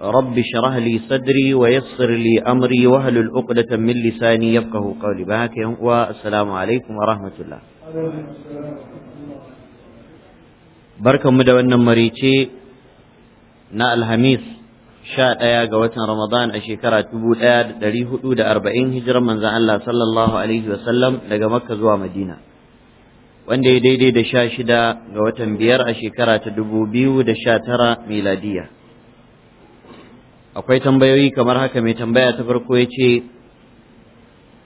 رب شرح لي صدري ويسر لي أمري وهل الأقدة من لساني يفقه قولي بهاك والسلام عليكم ورحمة الله بركة مدونا مريتي نا الهميس شاء ايا قوتنا رمضان أشيكرا تبو الآد دريه أود أربعين هجرة من زعل الله صلى الله عليه وسلم لقى مكة زوا مدينة wanda ya daidai da sha shida ga watan biyar a shekara ta dubu biyu da sha tara miladiyya akwai tambayoyi kamar haka mai tambaya ta farko ya ce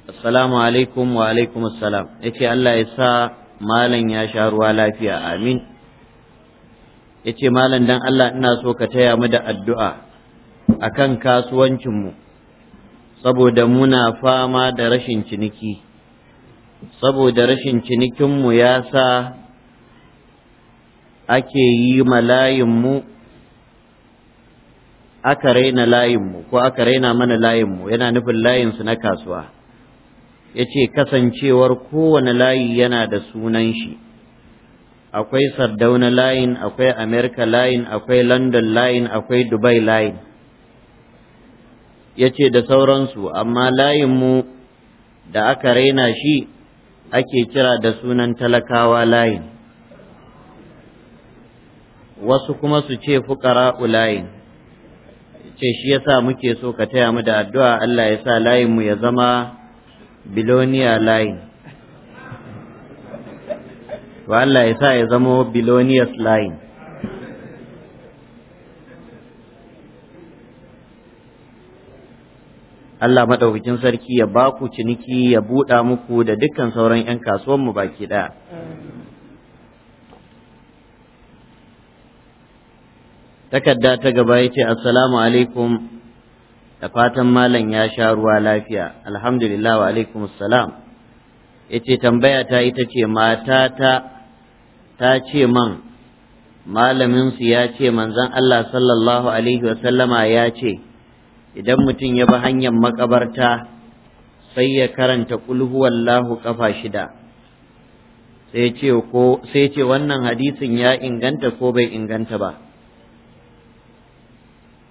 assalamu alaikum wa alaikum assalam ya ce Allah ya sa malam ya sha ruwa lafiya amin ya ce malam dan Allah ina so ka taya mu da addu'a a akan kasuwancinmu saboda muna fama da rashin ciniki saboda rashin cinikinmu ya sa ake yi malayinmu aka raina layinmu ko aka raina mana layinmu yana nufin layinsu na kasuwa ya ce kasancewar kowane layi yana da sunan shi akwai sardauna layin akwai america layin akwai london layin akwai dubai layin ya ce da sauransu amma layinmu da aka raina shi ake kira da sunan talakawa layin wasu kuma su ce fuƙara'u layin ce shi ya sa muke so ka taya mu da addu'a Allah ya sa layinmu ya zama biloniya layin. Wa Allah ya sa ya zama biloniyas layin. Allah maɗaukacin sarki ya ba ku ciniki ya buɗa muku da dukkan sauran 'yan kasuwanmu baki ɗaya. takarda ta gaba ya ce assalamu alaikum da fatan malam ya sha ruwa lafiya alhamdulillah wa alaikum assalam ya ce tambaya ta ita ce mata ta ce man malaminsu ya ce manzon Allah sallallahu alaihi wasallama ya ce idan mutum ya bi hanyar makabarta sai ya karanta kulhuwallahu kafa shida sai ce wannan hadisin ya inganta ko bai inganta ba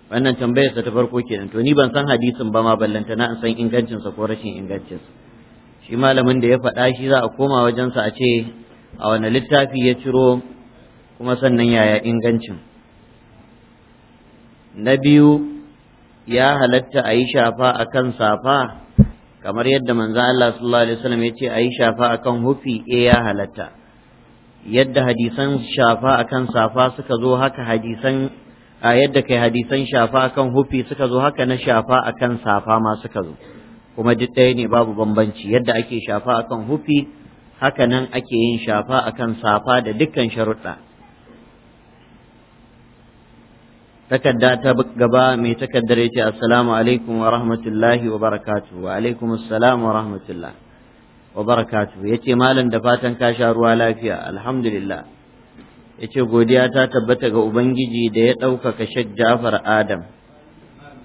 wannan tambayar ta farko kenan to ni ban san hadisin ba ma ballanta na san ingancin sa ko rashin ingancin sa shi malamin da ya faɗa shi za a koma wajen sa a ce a wani littafi ya ciro kuma sannan yaya ingancin na biyu ya halatta a yi shafa a safa kamar yadda manzo Allah sallallahu alaihi wasallam ya ce a yi shafa akan kan hufi e ya halatta yadda hadisan shafa akan safa suka zo haka hadisan a yadda kai hadisan shafa kan hufi suka zo haka na shafa akan safa ma suka zo kuma duk ɗaya ne babu bambanci yadda ake shafa akan hufi haka nan ake yin shafa akan safa da dukkan sharuɗa takarda ta gaba mai takardar ce assalamu alaikum wa rahmatullahi wa barakatu wa alaikum assalamu wa rahmatullahi wa barakatu yace malam da fatan ka sha ruwa lafiya alhamdulillah yace godiya ta tabbata ga ubangiji da ya ɗaukaka shek Ja'far Adam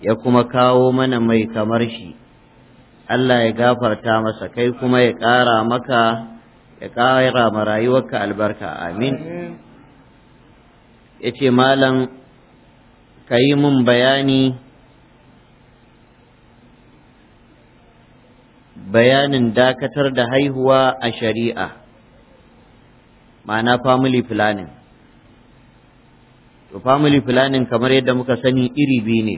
ya kuma kawo mana mai kamar shi Allah ya gafarta masa kai kuma ya ƙara maka ya ƙara ma rayuwarka albarka amin Ya ce malam ka yi mun bayani bayanin dakatar da haihuwa a shari'a ma'ana family planning to family planning kamar yadda muka sani iri biyu ne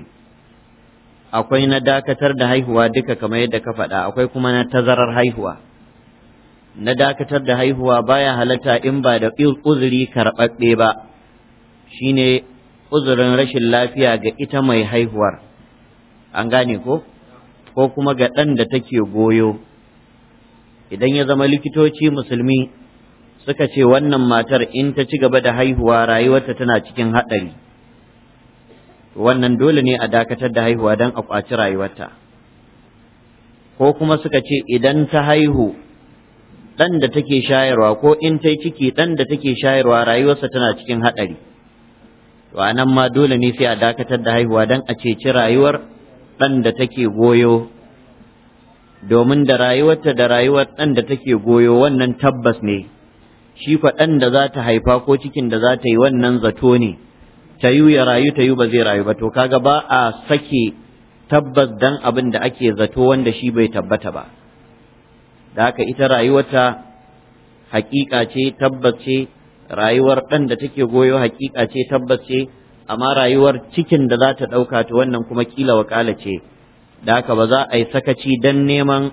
akwai na dakatar da haihuwa duka kamar yadda ka faɗa akwai kuma na tazarar haihuwa na dakatar da haihuwa baya halatta in ba da uzuri karɓaɓɓe ba shine uzurin rashin lafiya ga ita mai haihuwar an gane ko ko kuma ga ɗan da take goyo idan ya zama likitoci musulmi suka ce wannan matar in ta ci gaba da haihuwa rayuwarta tana cikin haɗari wannan dole ne a dakatar da haihuwa don a ƙwaci rayuwarta ko kuma suka ce idan ta haihu ɗan da take shayarwa ko in ta yi ciki ɗan da take shayarwa rayuwarsa tana cikin haɗari to a nan ma dole ne sai a dakatar da haihuwa don a ceci rayuwar ɗan da take goyo domin da rayuwarta da rayuwar ɗan da take goyo wannan tabbas ne shi ɗan da za ta haifa ko cikin da za ta yi wannan zato ne ta yi ya rayu ta yi ba zai rayu ba to kaga ba a sake tabbas dan abin da ake zato wanda shi bai tabbata ba da haka ita rayuwarta hakika ce tabbas ce rayuwar ɗan da take goyo hakika ce tabbas ce amma rayuwar cikin da za ta ɗauka to wannan kuma kila wakala ce da haka ba za a yi sakaci dan neman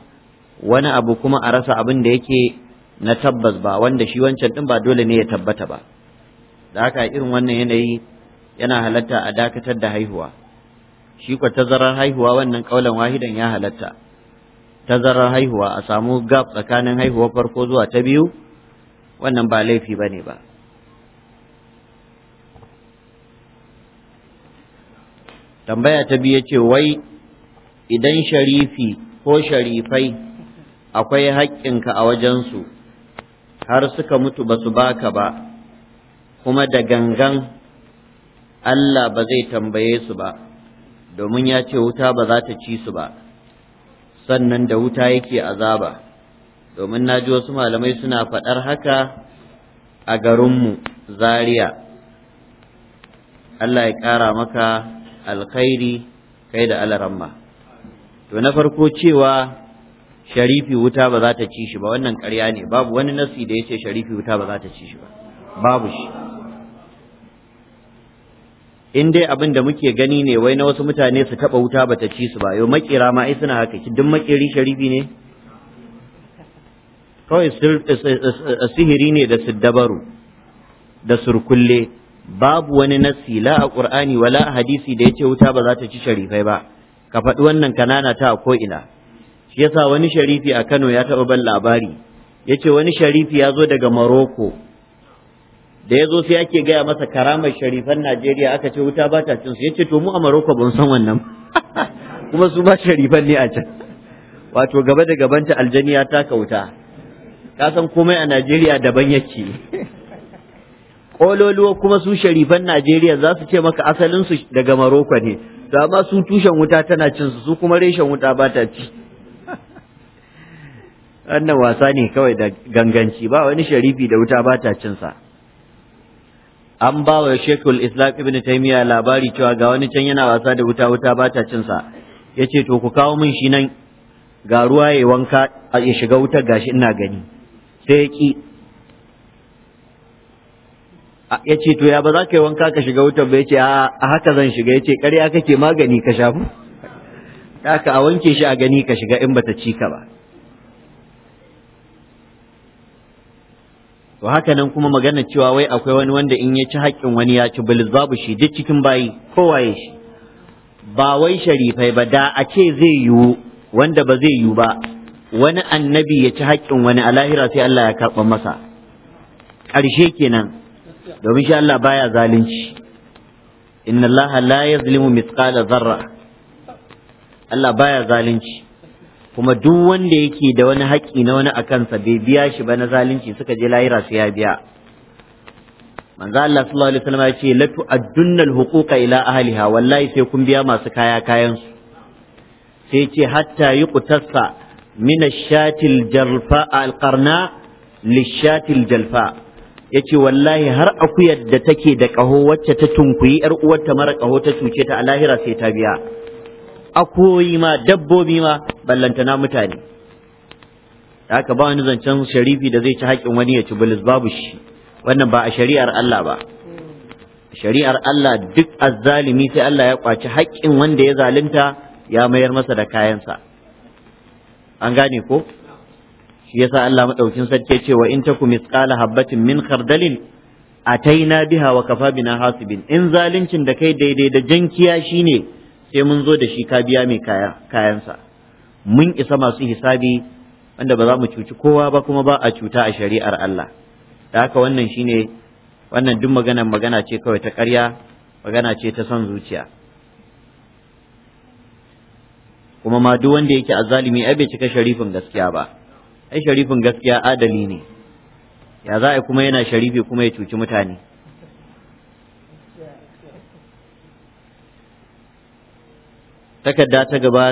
wani abu kuma a rasa abin da yake na tabbas ba wanda shi wancan din ba dole ne ya tabbata ba da haka irin wannan yanayi yana halatta a dakatar da haihuwa shi kwa tazarar haihuwa wannan kaulan wahidan ya halatta tazarar haihuwa a samu gap tsakanin haihuwa farko zuwa ta biyu wannan ba laifi ba ne ba tambaya ta biyu ce wai idan sharifi ko sharifai akwai haƙƙinka a wajensu har suka mutu ba su baka ba kuma da gangan Allah ba zai tambaye su ba domin ya ce wuta ba za ta ci su ba sannan da wuta yake azaba domin na ji wasu malamai suna faɗar haka a garinmu zaria Allah ya ƙara maka alkhairi kai da alaramma to na farko cewa sharifi wuta ba za ta ci shi ba wannan ƙarya ne babu wani nasi da ya ce sharifi wuta ba za ta ci shi ba babu shi in dai abin da muke gani ne wai na wasu mutane su taɓa wuta ba ta ci su ba yau makera ma ai suna haka duk makeri sharifi ne kawai sihiri ne da siddabaru da surkulle babu wani nasi la a ƙur'ani wala hadisi da ya ce wuta ba za ta ci sharifai ba ka faɗi wannan kanana ta ko ko'ina shi yasa wani sharifi a Kano ya taɓa ban labari ya ce wani sharifi ya zo daga Maroko. da ya zo sai ake gaya masa karamar sharifan Najeriya aka ce wuta ba ta cinsu ya ce to mu a Maroko ban san wannan kuma su ba sharifan ne a can wato gaba da gabanta aljaniya ta kauta ka san komai a Najeriya daban yake kololuwa kuma su sharifan Najeriya za su ce maka asalinsu daga Maroko ne to amma su tushen wuta tana cin su su kuma reshen wuta ba ta ci wannan wasa ne kawai da ganganci ba wani sharifi da wuta ba ta cinsa an ba wa shekul islam ibn taimiyya labari cewa ga wani can yana wasa da wuta wuta ba ta cinsa ya ce to ku kawo min shi nan ga ruwa ya wanka ya shiga wutar gashi ina gani sai ya ki ya ce to ya ba za ka yi wanka ka shiga wutar ba ya ce a haka zan shiga ya ce karya kake magani ka shafu ka a wanke shi a gani ka shiga in bata ci ka ba to haka nan kuma magana cewa wai akwai wani wanda in ya ci haƙƙin wani ya ci bilis babu shi duk cikin bayi kowaye shi ba wai sharifai ba da a ce zai yiwu wanda ba zai yiwu ba wani annabi ya ci haƙƙin wani a lahira sai Allah ya karɓa masa ƙarshe kenan domin shi Allah baya zalunci inna Allah la yazlimu mithqala zarra Allah baya zalunci kuma duk wanda yake da wani haƙƙi na wani a kansa bai biya shi ba na zalunci suka je lahira su ya biya manzo Allah sallallahu alaihi wasallam ya ce latu addunnal huquqa ila ahliha wallahi sai kun biya masu kaya kayan su sai ce hatta yuqtassa min ash-shatil jalfa al-qarna lishatil jalfa yace wallahi har akuyar da take da kaho wacce ta tunkuyi yar uwarta mara kaho ta cuce ta a lahira sai ta biya Akoyi ma dabbobi ma ballantana mutane haka ba wani zancen sharifi da zai ci haƙƙin wani ya ci bilis babu shi wannan ba a shari'ar Allah ba shari'ar Allah duk azzalimi sai Allah ya kwaci haƙƙin wanda ya zalunta ya mayar masa da kayansa an gane ko shi yasa Allah madaukin sarki ce wa in taku misqala habatin min khardalin ataina biha wa kafabina hasibin in zaluncin da kai daidai da jankiya shine sai mun zo da shi ka biya mai kayansa mun isa masu hisabi wanda ba za mu cuci kowa ba kuma ba a cuta a shari'ar Allah da haka wannan shine wannan duk maganar magana ce kawai ta ƙarya magana ce ta son zuciya kuma ma duk wanda yake azzalimi ai bai cika sharifin gaskiya ba ai sharifin gaskiya adali ne ya za a kuma yana sharifi kuma ya cuci mutane takarda ta gaba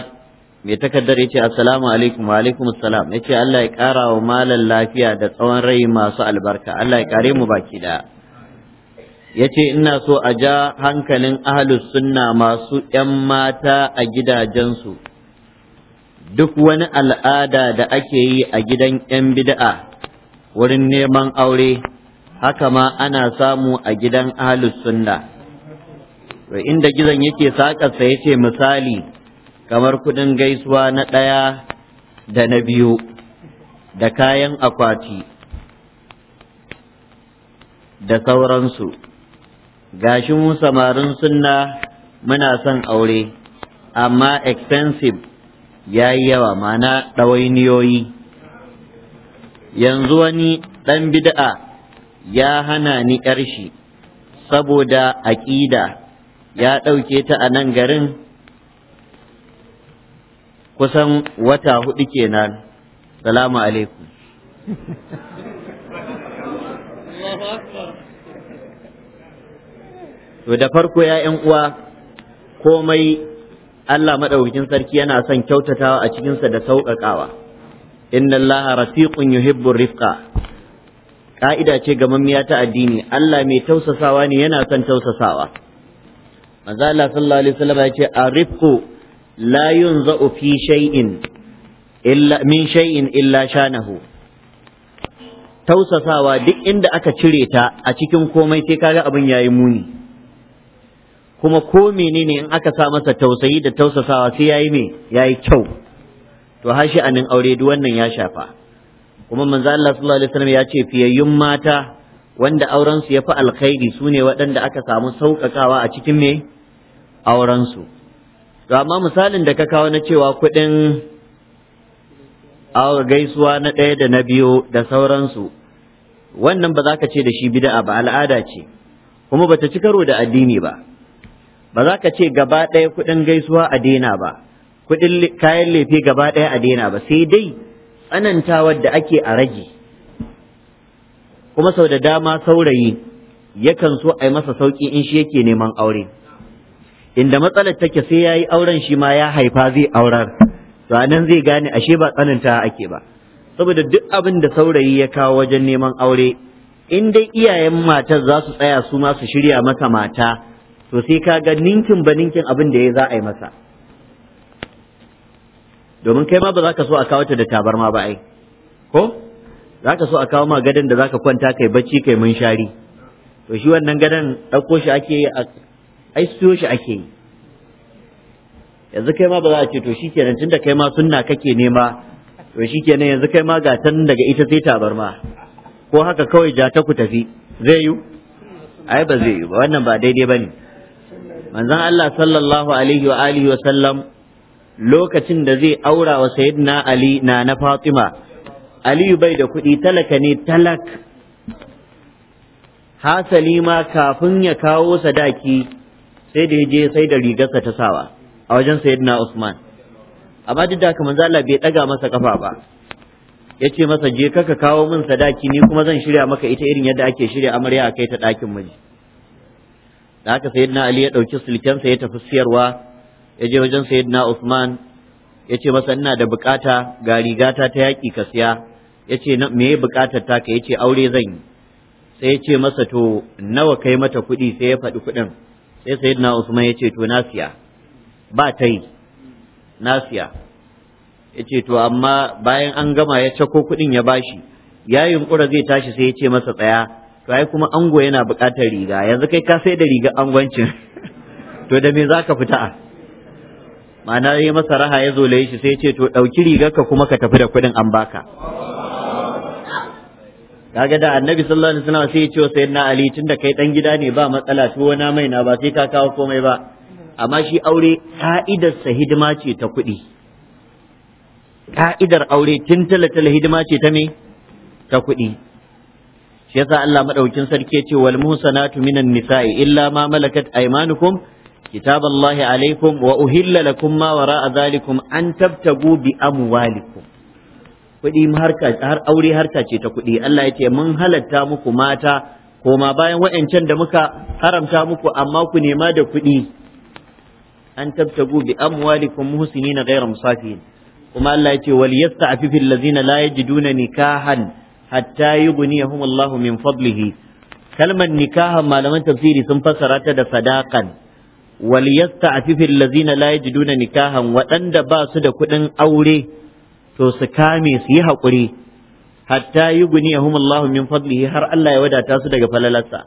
mai takardar ya ce assalamu alaikum wa alaikum assalam ya ce Allah ya ƙara wa malan lafiya da tsawon rai masu albarka Allah ya ƙare mu baki da ya ce ina so a ja hankalin ahalus sunna masu ‘yan mata a gidajensu duk wani al'ada da ake yi a gidan ‘yan bida'a wurin neman aure haka ma ana samu a gidan ahalus sunna inda gizon yake saƙarsa ya ce misali kamar kudin gaisuwa na ɗaya da na biyu da kayan akwati da sauransu gashi samarin sunna muna son aure amma expensive ya yi yawa mana ɗawainiyoyi yanzu wani ɗan bid'a ya hana ni shi saboda aƙida ya ɗauke ta a nan garin kusan wata hudu kenan salamu alaikum to da farko ya uwa komai Allah maɗaukakin sarki yana son kyautatawa a cikinsa da sauƙaƙawa inna Allah rafiqun yuhibbu rifqa ka'ida ce ga mammiya ta addini Allah mai tausasawa ne yana son tausasawa manzo Allah sallallahu alaihi wasallam ya arifku la yunza'u fi shay'in illa min shay'in illa shanahu tausasawa duk inda aka cire ta a cikin komai sai kaga abin yayi muni kuma ko menene in aka sa masa tausayi da tausasawa sai yayi me yayi kyau to hashi anin aure duk wannan ya shafa kuma manzo Allah sallallahu alaihi wasallam ya ce fiyayyun mata wanda auren su yafi alkhairi sune waɗanda aka samu sauƙaƙawa a cikin me aurensu to amma misalin da ka kawo na cewa kuɗin gaisuwa na ɗaya da na biyu da sauransu wannan ba za ka ce da shi bida'a ba al'ada ce kuma bata ci karo da addini ba ba za ka ce gaba ɗaya kuɗin gaisuwa a daina ba kuɗin kayan lefe gaba ɗaya a daina ba sai dai tsanantawar da ake a rage kuma sau da dama saurayi yakan so a yi masa sauƙi in shi yake neman aure inda matsalar take sai yayi auren shi ma ya haifa zai aurar to anan zai gane ashe ba tsananta ake ba saboda duk abin da saurayi ya kawo wajen neman aure in dai iyayen matar za su tsaya su ma su shirya masa mata to sai ka ga ninkin ba ninkin abin da ya za a yi masa domin kai ma ba za ka so a kawo ta da tabarma ba ai ko za ka so a kawo ma gadon da za ka kwanta kai bacci kai munshari to shi wannan gadon ɗauko shi ake a ai siyo shi ake yi yanzu kai ma ba za a ce to shikenan tunda kai ma sunna kake nema to shikenan yanzu kai ma ga tan daga ita sai tabarma ko haka kawai ja ta ku tafi zai yi ai ba zai yi ba wannan ba daidai bane manzon Allah sallallahu alaihi wa alihi wa sallam lokacin da zai aura wa sayyidina Ali na na Fatima Aliyu bai da kuɗi talaka ne talak hasali ma kafin ya kawo sadaki sai da ya je sai da rigarsa ta sawa a wajen sayyidina Usman amma duk da haka manzo Allah bai daga masa kafa ba yace masa je ka ka kawo min sadaki ni kuma zan shirya maka ita irin yadda ake shirya amarya a kai ta dakin miji da haka sayyidina Ali ya ɗauki sulkensa ya tafi siyarwa ya je wajen sayyidina Usman ya ce masa ina da bukata ga rigata ta yaƙi ka siya ya ce me ya bukatar taka ya ce aure zan yi sai ya ce masa to nawa kai mata kuɗi sai ya faɗi kuɗin sai sayyidina usman ya ce to nasiya ba ta yi nasiya ya ce to amma bayan an gama ya cako kuɗin ya bashi ya yunkura zai tashi sai ya ce masa tsaya to ai kuma ango yana buƙatar riga yanzu kai ka sai da riga angwancin to da me za ka fita ma'ana ya masa raha ya zo shi sai ya ce to ɗauki rigarka kuma ka tafi da kuɗin an baka kaga da annabi sallallahu alaihi wasallam sai ya ce wa sayyidina ali tunda kai dan gida ne ba matsala tuwo na mai na ba sai ka kawo komai ba amma shi aure ka'idar sa hidima ce ta kuɗi ka'idar aure tun talatala hidima ce ta me ta kuɗi shi yasa Allah madaukin sarki ya ce wal muhsanatu minan nisa'i illa ma malakat aymanukum kitaballahi alaikum wa uhilla lakum ma wara'a zalikum an tabtagu bi amwalikum kuɗi har aure harka ce ta kuɗi Allah ya ce mun halatta muku mata koma bayan wa'ancan da muka haramta muku amma ku nema da kuɗi an tabtagu bi amwalikum na ghayra musafihin kuma Allah ya ce wal yasta'fifu allazina la yajiduna nikahan hatta yughniyahum Allahu min fadlihi kalmar nikahan malaman tafsiri sun fassara ta da sadaqan wal yasta'fifu allazina la yajiduna nikahan waɗanda ba su da kuɗin aure to su kame su yi haƙuri hatta yi guni guniyahum Allahu min fadlihi har Allah ya wadata su daga falalarsa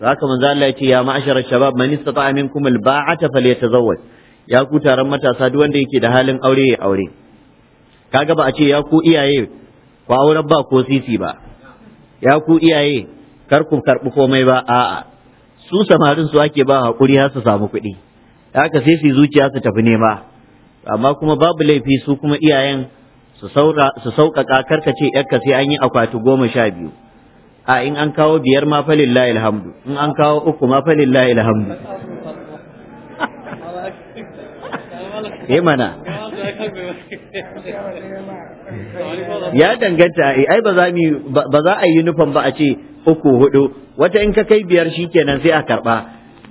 haka manzo Allah ya ce ya ma'ashara shabab man istata'a minkum alba'ata falyatazawwaj ya ku taron matasa duk wanda yake da halin aure ya aure kaga ba a ce ya ku iyaye ku auren ba ko sisi ba ya ku iyaye kar ku karbi komai ba a'a su samarin su ake ba haƙuri, har su samu kuɗi haka sai su zuciya su tafi nema amma kuma babu laifi su kuma iyayen su sauƙaƙa karka ce ‘yarka sai an yi akwati goma sha biyu a in an kawo biyar ma falillahi alhamdu in an kawo uku ma falillahi alhamdu eh mana ya danganta eh, ai ba za mu ba za a yi nufan ba a ce uku hudu wata in ka kai biyar shikenan sai a karba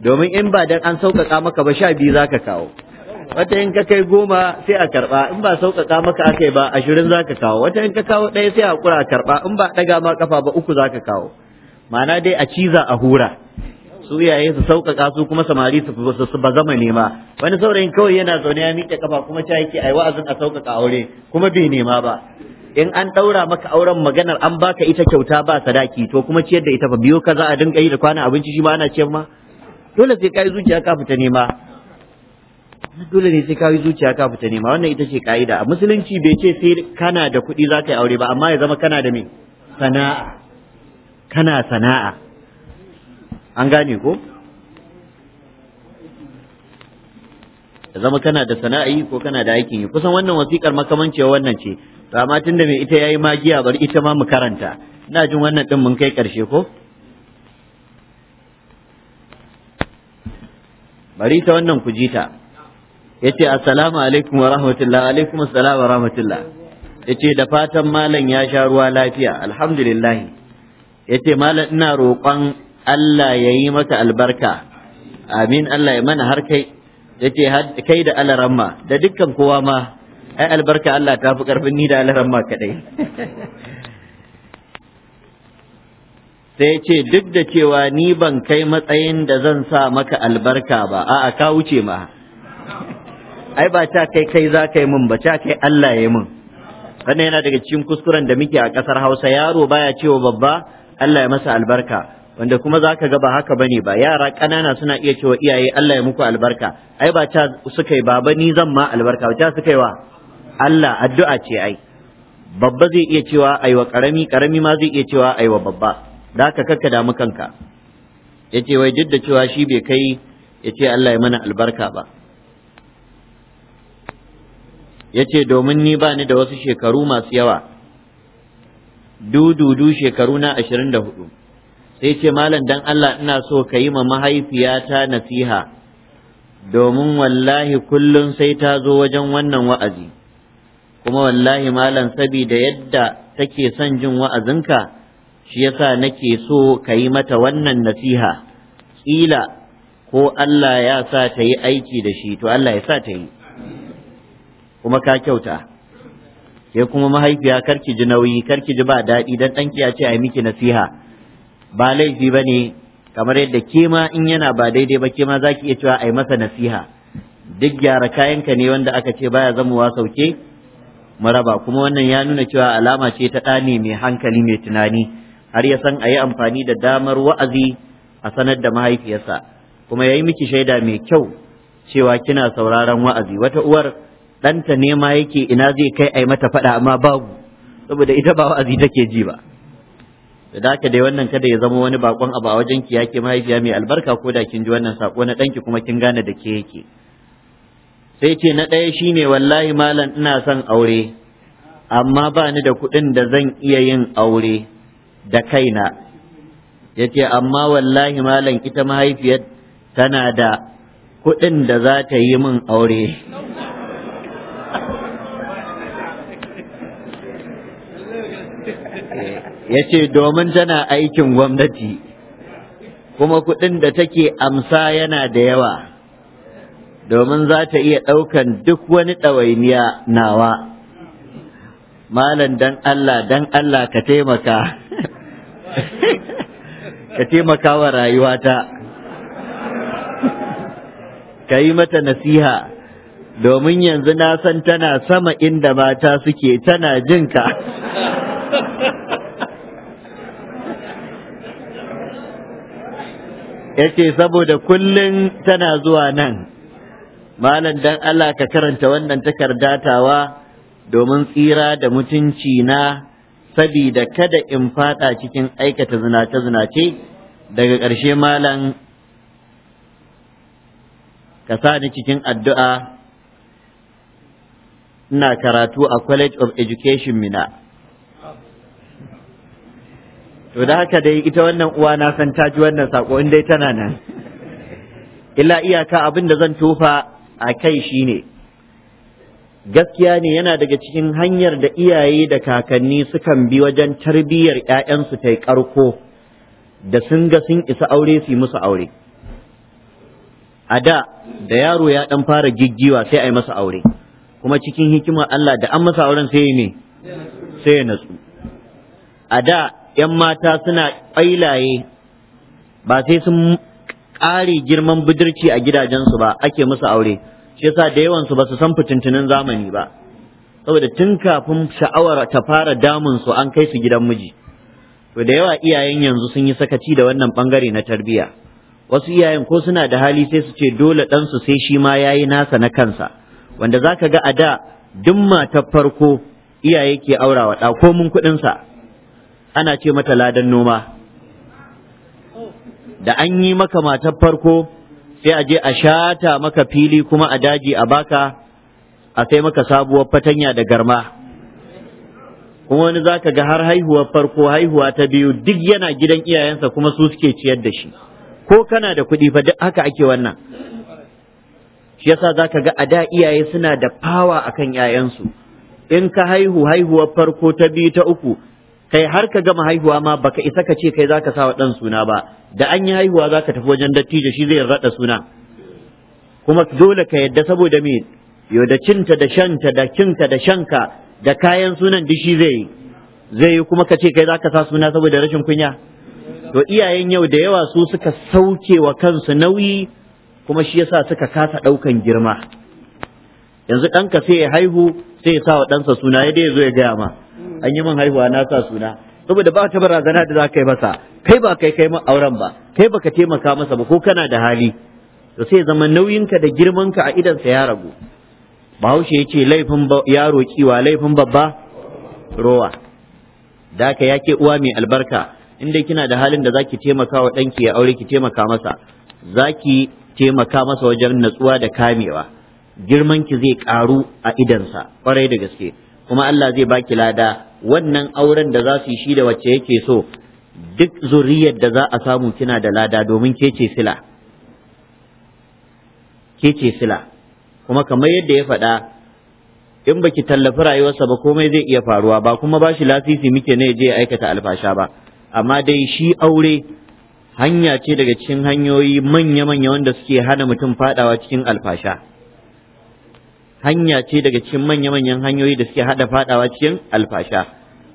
domin in ba dan an sauƙaƙa maka ba sha biyu zaka kawo wata in ka kai goma sai a karba in ba sauƙaƙa maka akai ba ashirin za ka kawo wata in ka kawo ɗaya sai a kura a karba in ba ɗaga ma ƙafa ba uku za ka kawo ma'ana dai a ciza a hura su iyaye su sauƙaƙa su kuma samari su su ba zama nema wani saurayin kawai yana zaune ya miƙe ƙafa kuma ta yake ai wa'azin a sauƙaƙa aure kuma bai nema ba in an ɗaura maka auren maganar an baka ita kyauta ba sadaki to kuma ciyar da ita fa biyo kaza a dinga yi da kwana abinci shi ma ana ciyar ma dole sai ka yi zuciya ka fita nema dole ne sai ka yi zuciya ka fita nema wannan ita ce ka'ida a musulunci bai ce sai kana da kuɗi za ka yi aure ba amma ya zama kana da me sana'a kana sana'a an gane ko ya zama kana da sana'a yi ko kana da aikin yi kusan wannan wasikar makamancewa wannan ce to amma da mai ita yayi magiya bari ita ma mu karanta ina jin wannan din mun kai karshe ko bari ta wannan ku ji ta yace assalamu alaikum wa rahmatullah Wa alaikum assalam wa rahmatullah yace da fatan malam ya sha ruwa lafiya alhamdulillah yace malam ina roƙon Allah ya yi maka albarka amin Allah ya mana har kai yace kai da alaramma da dukkan kowa ma ai albarka Allah ta fi karfin ni da alaramma kadai sai ce duk da cewa ni ban kai matsayin da zan sa maka albarka ba a'a ka wuce ma ai ba ta kai kai za ka yi min ba ta kai Allah ya yi min wannan yana daga cikin kuskuren da muke a ƙasar Hausa yaro baya cewa babba Allah ya masa albarka wanda kuma za ka ga ba haka bane ba yara ƙanana suna iya cewa iyaye Allah ya muku albarka ai ba ta suka yi baba ni zan ma albarka ba ta suka yi wa Allah addu'a ce ai babba zai iya cewa wa karami karami ma zai iya cewa wa babba da ka kakka damu kanka yace wai duk da cewa shi bai kai yace Allah ya mana albarka ba ya ce domin ni ba ni da wasu shekaru masu yawa dududu shekaru na ashirin da hudu sai ce malam dan Allah ina so ka yi ma mahaifiyata nasiha domin wallahi kullum sai ta zo wajen wannan wa'azi kuma wallahi malam sabida yadda take son jin wa'azinka shi yasa nake so ka yi mata wannan nasiha ƙila ko Allah ya sa ta yi aiki da shi to Allah ya sa ta yi kuma ka kyauta ke kuma mahaifiya karki ji nauyi karki ji ba daɗi dan ɗanki ya ce a yi miki nasiha ba laifi ba ne kamar yadda ke ma in yana ba daidai ba ke ma za ki iya cewa a masa nasiha duk gyara kayanka ne wanda aka ce baya zamuwa sauke maraba kuma wannan ya nuna cewa alama ce ta ɗani mai hankali mai tunani har ya san a yi amfani da damar wa'azi a sanar da mahaifiyarsa kuma ya yi miki shaida mai kyau cewa kina sauraron wa'azi wata uwar ɗanta nema yake ina zai kai a yi mata faɗa amma babu saboda ita ba wa'azi take ji ba da haka dai wannan kada ya zama wani bakon abu a wajen ki yake mahaifiya mai albarka ko da kin ji wannan sako na danki kuma kin gane da ke yake sai ce na ɗaya shine wallahi malam ina son aure amma ba ni da kuɗin da zan iya yin aure da kaina ya ce amma wallahi malam ita mahaifiyar tana da kuɗin da za ta yi min aure ya ce domin tana aikin gwamnati kuma kuɗin da take amsa yana da yawa domin za ta iya ɗaukan duk wani ɗawainiya nawa malam dan Allah dan Allah ka taimaka ka taimaka wa rayuwata ka yi mata nasiha domin yanzu na san tana sama inda mata suke tana jinka yace saboda kullun tana zuwa nan malam dan Allah ka karanta wannan takardatawa domin tsira da mutunci na sabida kada in fada cikin aikata zinace-zinace daga ƙarshe malam ka sa ni cikin addu'a ina karatu a college of education mina to da haka dai ita wannan uwa na san ta ji wannan sako in dai tana nan illa iyaka abin da zan tofa a kai shine gaskiya ne yana daga cikin hanyar da iyaye da kakanni sukan bi wajen tarbiyyar 'ya'yansu ta karko da sun ga sun isa aure su yi musu aure a da da yaro ya ɗan fara giggiwa sai a yi masa aure kuma cikin hikimar Allah da an masa auren sai ne sai ya natsu a da ‘yan mata suna ƙwailaye ba sai sun ƙare girman budurci a gidajensu ba ake musu aure shi yasa da yawansu ba su san fitintunin zamani ba saboda tun kafin sha'awar ta fara damun su an kai su gidan miji to da yawa iyayen yanzu sun yi sakaci da wannan bangare na tarbiyya wasu iyayen ko suna da hali sai su ce dole ɗansu sai shi ma yayi nasa na kansa wanda zaka ga a da duk matar farko iyaye ke aurawa ɗa mun kuɗinsa ana ce mata ladan noma da an yi maka matar farko sai a je a shata maka fili kuma a daji a baka a sai maka sabuwar fatanya da garma kuma wani za ka ga har haihuwar farko haihuwa ta biyu duk yana gidan iyayensa kuma su suke ciyar da shi ko kana da kuɗi fa duk haka ake wannan shi yasa za ka ga a da iyaye suna da fawa akan 'ya'yansu in ka haihu haihuwar farko ta biyu ta uku kai har ka gama haihuwa ma baka isa ka ce kai zaka sa wa dan suna ba da an yi haihuwa zaka tafi wajen dattijo shi zai rada suna kuma dole ka yadda saboda me yo da cinta da shanta da kinka da shanka da kayan sunan duk shi zai yi zai yi kuma ka ce kai zaka sa suna saboda rashin kunya to iyayen yau da yawa su suka sauke wa kansu nauyi kuma shi yasa suka kasa ɗaukan girma yanzu ɗanka sai ya haihu sai ya sa wa ɗansa suna ya dai zo ya gaya ma an yi min haihuwa na sa suna saboda ba ta barazana da za ka yi masa kai ba kai kai auren ba kai ba ka taimaka masa ba ko kana da hali to sai zama nauyinka da girmanka a sa ya ragu bahaushe ya ce laifin yaro kiwa laifin babba rowa da ka ya ke uwa mai albarka inda kina da halin da zaki taimaka wa ɗanki ya aure ki taimaka masa zaki taimaka masa wajen natsuwa da kamewa girman ki zai ƙaru a idansa kwarai da gaske kuma Allah zai baki lada wannan auren da za su yi shi da wacce yake so duk zuriyar da za a samu kina da lada domin ke ce sila ke sila kuma kamar yadda ya faɗa in ba ki tallafi rayuwarsa ba komai zai iya faruwa ba kuma ba shi lasisi muke ne je aikata alfasha ba amma dai shi aure hanya ce daga cikin hanyoyi manya-manya wanda suke hana mutum fadawa cikin alfasha hanya ce daga cikin manya-manyan hanyoyi da suke hada fadawa cikin alfasha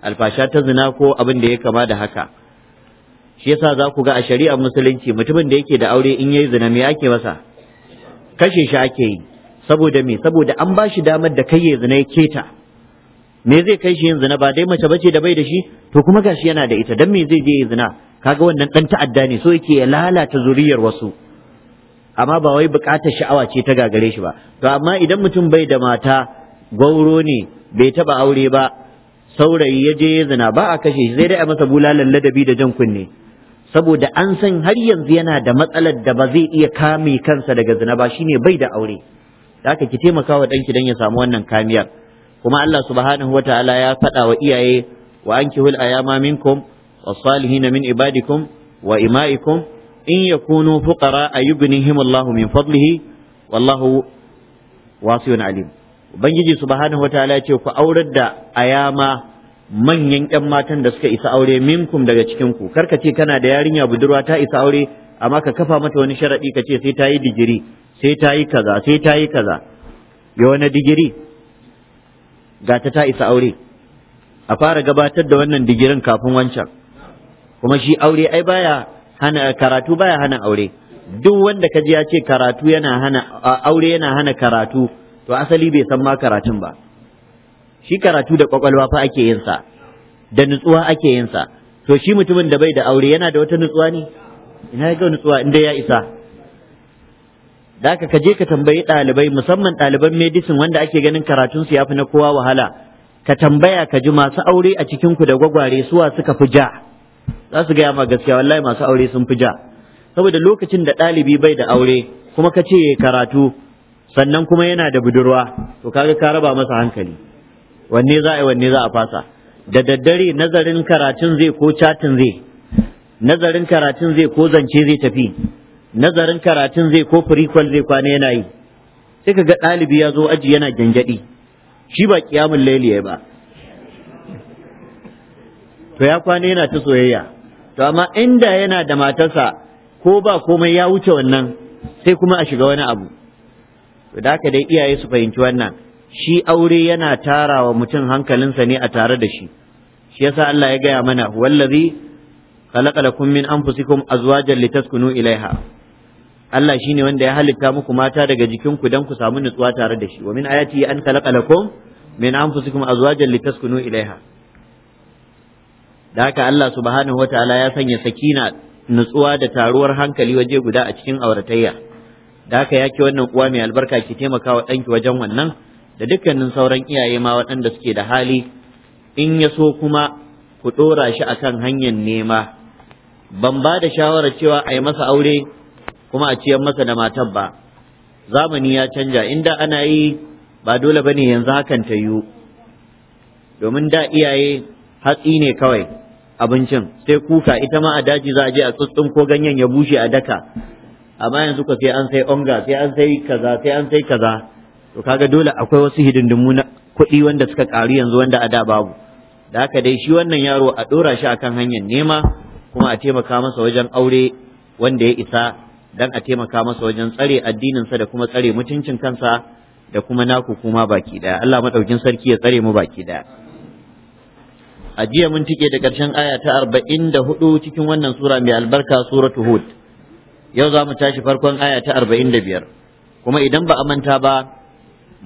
alfasha ta zina ko abin da ya kama da haka shi yasa za ku ga a shari'ar musulunci mutumin da yake da aure in yayi zina me ake masa kashe shi ake yi saboda me saboda an ba shi damar da kai ya zina ya keta me zai kai shi yin zina ba dai mace bace da bai da shi to kuma gashi yana da ita dan me zai je ya zina kaga wannan dan ta'adda ne so yake ya lalata zuriyar wasu amma ba wai bukatar sha'awa ce ta gagare shi ba to amma idan mutum bai da mata gauro ne bai taba aure ba saurayi ya je zina ba a kashe shi Zai dai a masa bulalan ladabi da jan kunne saboda an san har yanzu yana da matsalar da ba zai iya kame kansa daga zina ba shine bai da aure da haka ki taimaka wa danki dan ya samu wannan kamiyar kuma Allah subhanahu wataala ya faɗa wa iyaye wa ankihul ayama minkum والصالحين من عبادكم ima'ikum in yakunu fuqara ayughnihim Allahu min fadlihi wallahu wasiun alim ubangiji subhanahu wataala ce ku aurar da ayama manyan ƴan matan da suka isa aure minkum daga cikin ku karka ce kana da yarinya budurwa ta isa aure amma ka kafa mata wani sharadi ka ce sai ta yi digiri sai ta yi kaza sai ta yi kaza ya wani digiri ga ta ta isa aure a fara gabatar da wannan digirin kafin wancan kuma shi aure ai baya hana karatu baya hana aure duk wanda kaji ya ce karatu yana hana aure yana hana karatu to asali bai san ma karatun ba shi karatu da kwakwalwa fa ake yin sa da nutsuwa ake yin sa to shi mutumin da bai da aure yana da wata nutsuwa ne ina ga nutsuwa inda ya isa da ka kaje ka tambayi ɗalibai musamman ɗaliban medicine wanda ake ganin karatun su yafi na kowa wahala ka tambaya ka ji masu aure a cikin ku da gwagware suwa suka fi ja za su gaya ma gaskiya wallahi masu aure sun fi ja saboda lokacin da ɗalibi bai da aure kuma ka ce karatu sannan kuma yana da budurwa to kaga ka raba masa hankali wanne za a yi wanne za a fasa da daddare nazarin karatun zai ko catin zai nazarin karatun zai ko zance zai tafi nazarin karatun zai ko prequel zai kwana yana yi sai ka ga ɗalibi ya zo aji yana gyangyaɗi shi ba kiyamun laili ba to ya kwana yana ta soyayya to amma inda yana da matarsa ko ba komai ya wuce wannan sai kuma a shiga wani abu to da haka dai iyaye su fahimci wannan shi aure yana tarawa mutum hankalinsa ne a tare da shi shi yasa Allah ya gaya mana wallazi khalaqa lakum min anfusikum azwajan litaskunu ilaiha Allah shine wanda ya halitta muku mata daga jikinku dan ku samu nutsuwa tare da shi wa min ayati an khalaqa lakum min anfusikum azwajan litaskunu ilaiha da haka Allah subhanahu wataala ya sanya sakina nutsuwa da taruwar hankali waje guda a cikin auratayya da haka yake wannan uwa mai albarka ki taimaka wa ɗanki wajen wannan da dukkanin sauran iyaye ma waɗanda suke da hali in ya so kuma ku ɗora shi akan hanyar nema ban ba da shawarar cewa a yi masa aure kuma a ciyar masa da matar ba zamani ya canja inda ana yi ba dole bane yanzu hakan ta yiwu domin da iyaye hatsi ne kawai abincin sai kuka ita ma a daji za a je a tsuntsun ko ganyen ya bushe a daka amma yanzu ka sai an sai onga sai an sai kaza sai an sai kaza to kaga dole akwai wasu hidindimu na kuɗi wanda suka ƙaru yanzu wanda a da babu da haka dai shi wannan yaro a ɗora shi akan hanyar nema kuma a taimaka masa wajen aure wanda ya isa dan a taimaka masa wajen tsare addininsa da kuma tsare mutuncin kansa da kuma naku kuma baki daya Allah madaukin sarki ya tsare mu baki daya a jiya mun tike da ƙarshen aya ta arba'in da hudu cikin wannan sura mai albarka suratu hud yau za mu tashi farkon aya ta arba'in da biyar kuma idan ba a manta ba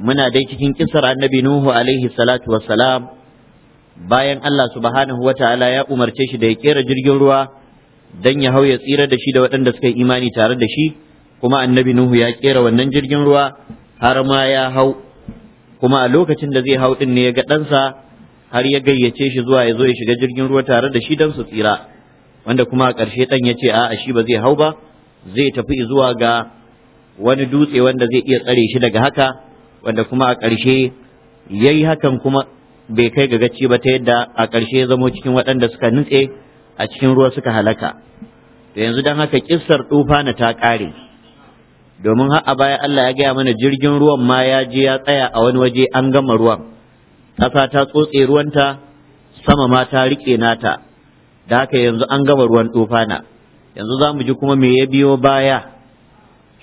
muna dai cikin kisar annabi nuhu alaihi salatu wassalam bayan allah subhanahu wa ta'ala ya umarce shi da ya kera jirgin ruwa dan ya hau ya tsira da shi da waɗanda suka yi imani tare da shi kuma annabi nuhu ya kera wannan jirgin ruwa har ma ya hau kuma a lokacin da zai hau ɗin ne ya ga ɗansa har ya gayyace shi zuwa ya zo ya shiga jirgin ruwa tare da shi don su tsira wanda kuma a ƙarshe ɗan ya ce a'a shi ba zai hau ba zai tafi zuwa ga wani dutse wanda zai iya tsare shi daga haka wanda kuma a ƙarshe ya yi hakan kuma bai kai ga gaci ba ta yadda a ƙarshe ya zamo cikin waɗanda suka nutse a cikin ruwa suka halaka to yanzu don haka kissar na ta ƙare domin har a baya Allah ya gaya mana jirgin ruwan ma ya je ya tsaya a wani waje an gama ruwan ƙasa ta tsotse ruwanta sama ma ta riƙe nata da haka yanzu an gama ruwan tufana yanzu za mu ji kuma me ya biyo baya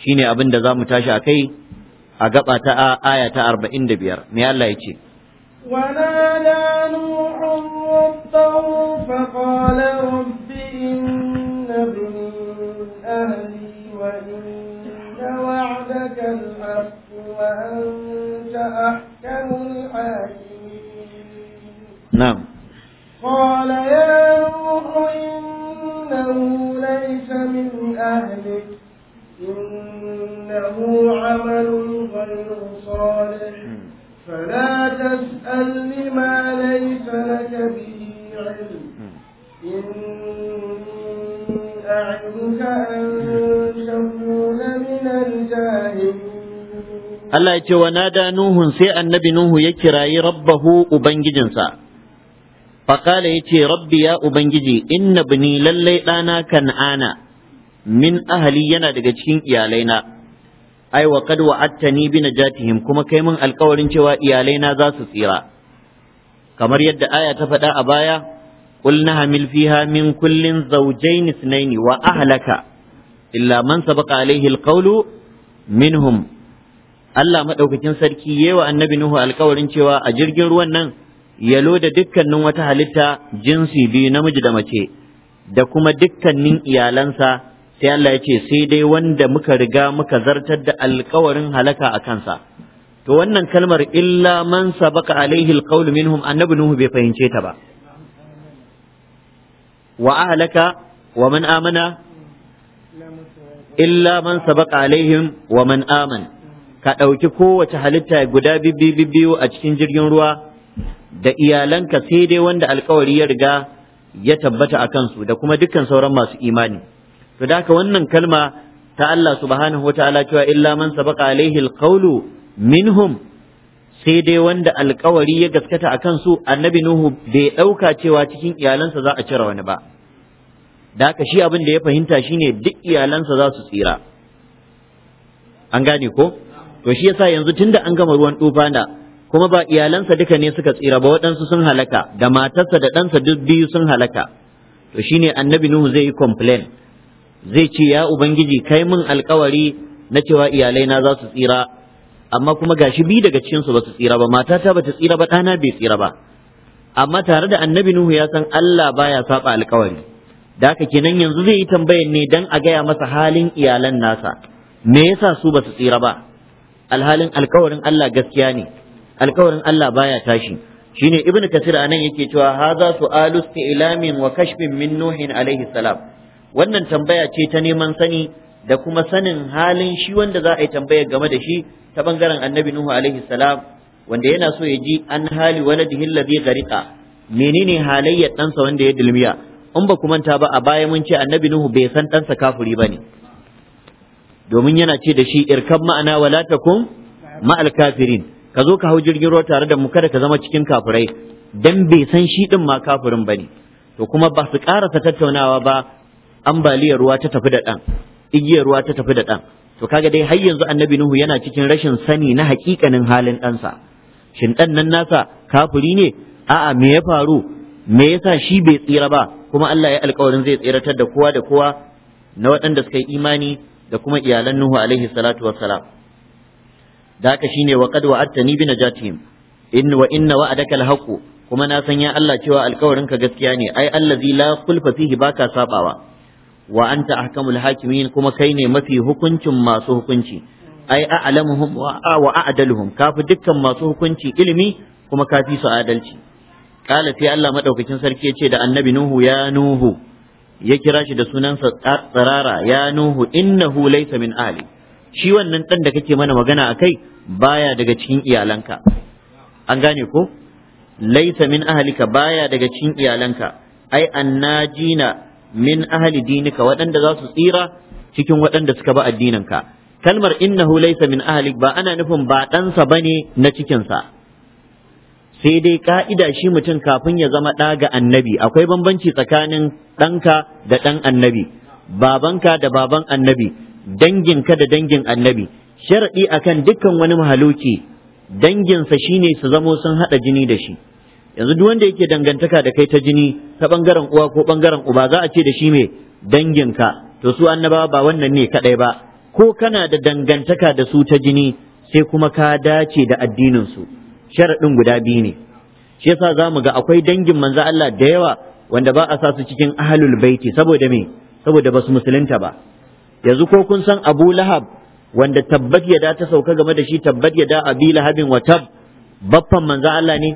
shine abin da za mu tashi a kai a gaba ta aya ta arba'in da biyar me Allah ya ce وعدك الحق وأنت أحكم الحاكمين نعم قال يا نوح إنه ليس من أهلك إنه عمل غير صالح فلا تسأل لما ليس لك به علم إني أعدك أن تكون من الجاهلين Allah ya ce wa nada Nuhun sai annabi Nuhu ya kirayi rabbahu Ubangijinsa, faƙala ya ce rabbi ya ubangiji inna bini lallai ɗana ana. min ahali yana daga cikin iyalaina ai wa kad wa'attani bi najatihim kuma kai min alƙawarin cewa iyalaina za su tsira kamar yadda aya ta faɗa a baya qul hamil fiha min kullin zawjayn ithnayn wa ahlaka illa man sabaqa alaihi alqawlu minhum Allah madaukakin sarki yewa annabi Nuhu alƙawarin cewa a jirgin ruwan nan yalo da dukkanin wata halitta jinsi biyu namiji da mace da kuma dukkanin iyalansa sai Allah ya ce sai dai wanda muka riga muka zartar da alkawarin halaka a kansa to wannan kalmar illa man sabaka alaihi alqawlu minhum annabi nuhu bai fahimce ta ba wa ahlaka wa man amana illa man sabaka alaihim wa man aman ka ɗauki kowace halitta guda bibbiyu a cikin jirgin ruwa da iyalanka sai dai wanda alkawari ya riga ya tabbata a kansu da kuma dukkan sauran masu imani to da haka wannan kalma ta Allah subhanahu wataala cewa illa man sabaqa alaihi alqawlu minhum sai dai wanda alkawari ya gaskata a kansu annabi nuhu bai ɗauka cewa cikin iyalansa za a cire wani ba da haka shi abin da ya fahimta shine duk iyalansa za su tsira an gane ko to shi yasa yanzu tunda an gama ruwan tufana kuma ba iyalansa duka ne suka tsira ba waɗansu sun halaka da matarsa da ɗansa duk biyu sun halaka to shine annabi nuhu zai yi complain zai ce ya ubangiji kai min alkawari na cewa iyalaina za su tsira amma kuma gashi bi daga cikin su ba su tsira ba matata ba ta tsira ba ɗana bai tsira ba amma tare da annabi nuhu ya san Allah baya saba alkawari da haka kenan yanzu zai yi tambayar ne dan a gaya masa halin iyalan nasa me yasa su ba su tsira ba alhalin alkawarin Allah gaskiya ne alkawarin Allah baya tashi shine ibnu kasir anan yake cewa su su'alu ilamin wa kashfin min nuhin alaihi salam wannan tambaya ce ta neman sani da kuma sanin halin shi wanda za a yi tambaya game da shi ta bangaren annabi nuhu alaihi salam wanda yana so ya ji an hali waladihi alladhi gharqa menene halayyar ɗansa wanda ya dulmiya in ba ku manta ba a baya mun ce annabi nuhu bai san ɗansa kafuri ba ne domin yana ce da shi irkan ma'ana wala takum ma'al kafirin ka zo ka hau jirgin ruwa tare da mu kada ka zama cikin kafirai dan bai san shi din ma kafirin bane to kuma ba su karasa tattaunawa ba ambaliyar ruwa ta tafi da dan igiyar ruwa ta tafi da dan to kaga dai har yanzu annabi nuhu yana cikin rashin sani na hakikanin halin ɗansa shin dan nan nasa kafiri ne a'a me ya faru me yasa shi bai tsira ba kuma Allah ya alƙawarin zai tsiratar da kowa da kowa na waɗanda suka yi imani da kuma iyalan nuhu alaihi salatu wassalam da haka shine wa qad wa'adtani bi najatihim in wa inna wa'adaka al-haqqu kuma na san ya Allah cewa alkawarin ka gaskiya ne ai allazi la kulfa fihi baka sabawa wa anta ahkamul hakimin kuma kai ne mafi hukuncin masu hukunci ai a'lamuhum wa a'daluhum kafi dukkan masu hukunci ilimi kuma kafi su adalci kala sai Allah madaukakin sarki yace da annabi nuhu ya nuhu ya kira shi da sunansa tsarara ya nuhu innahu laysa min ahli shi wannan ɗan da kake mana magana a kai baya daga cikin iyalanka an gane ko laisa min ahalika baya daga cikin iyalanka ai annajina min ahali dinika waɗanda za su tsira cikin waɗanda suka ba addininka kalmar innahu laisa min ahalik ba ana nufin ba ɗansa bane na cikinsa sai dai ka'ida shi mutum kafin ya zama ɗa ga annabi akwai bambanci tsakanin ɗanka da ɗan annabi babanka da baban annabi danginka da dangin annabi sharaɗi akan dukkan wani mahaluki danginsa shine su zamo sun haɗa jini da shi yanzu duk wanda yake dangantaka da kai ta jini ta bangaren uwa ko bangaren uba za a ce da shi me ka, to su annabawa ba wannan ne kadai ba ko kana da dangantaka da su ta jini sai kuma ka dace da addinin su sharaɗin guda biyu ne shi yasa za mu ga akwai dangin manzo Allah da yawa wanda ba a sa su cikin ahlul baiti saboda me saboda basu musulunta ba yanzu ko kun san Abu Lahab wanda tabbat yada ta sauka game da shi tabbat da Abi Lahabin wa tab baffan manzo Allah ne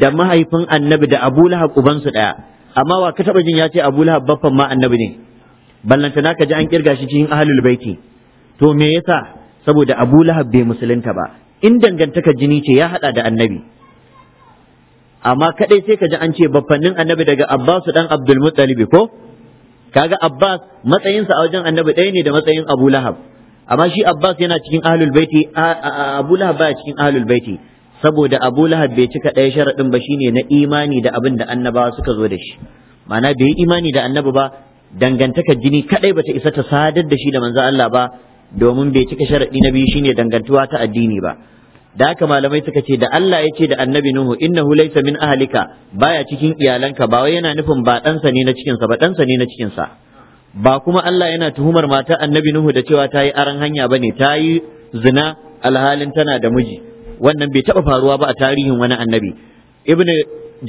da mahaifin annabi da Abu Lahab ubansu daya amma wa ka taba jin ya ce Abu Lahab baffan ma annabi ne ballanta ka ji an kirga shi cikin ahlul baiti to me yasa saboda Abu Lahab bai musulunta ba in dangantaka jini ce ya hada da annabi amma kadai sai ka ji an ce baffannin annabi daga Abbasu dan Abdul Muttalib ko kaga Abbas matsayinsa a wajen annabi ɗaya ne da matsayin Abu Lahab amma shi Abbas yana cikin ahlul baiti Abu Lahab baya cikin ahlul baiti saboda Abu Lahab bai cika ɗaya sharaɗin ba shine na imani da abin da annabawa suka zo da shi ma'ana bai yi imani da annabi ba dangantakar jini kadai bata isa ta sadar da shi da manzo Allah ba domin bai cika sharaɗi na biyu shine dangantuwa ta addini ba da haka malamai suka ce da Allah ya ce da annabi Nuhu innahu laysa min ahlika baya cikin iyalanka ba wai yana nufin ba dansa ne na cikinsa ba dansa ne na cikinsa ba kuma Allah yana tuhumar mata annabi Nuhu da cewa ta yi aran hanya ba ne ta yi zina alhalin tana da miji wannan bai taba faruwa ba a tarihin wani annabi ibnu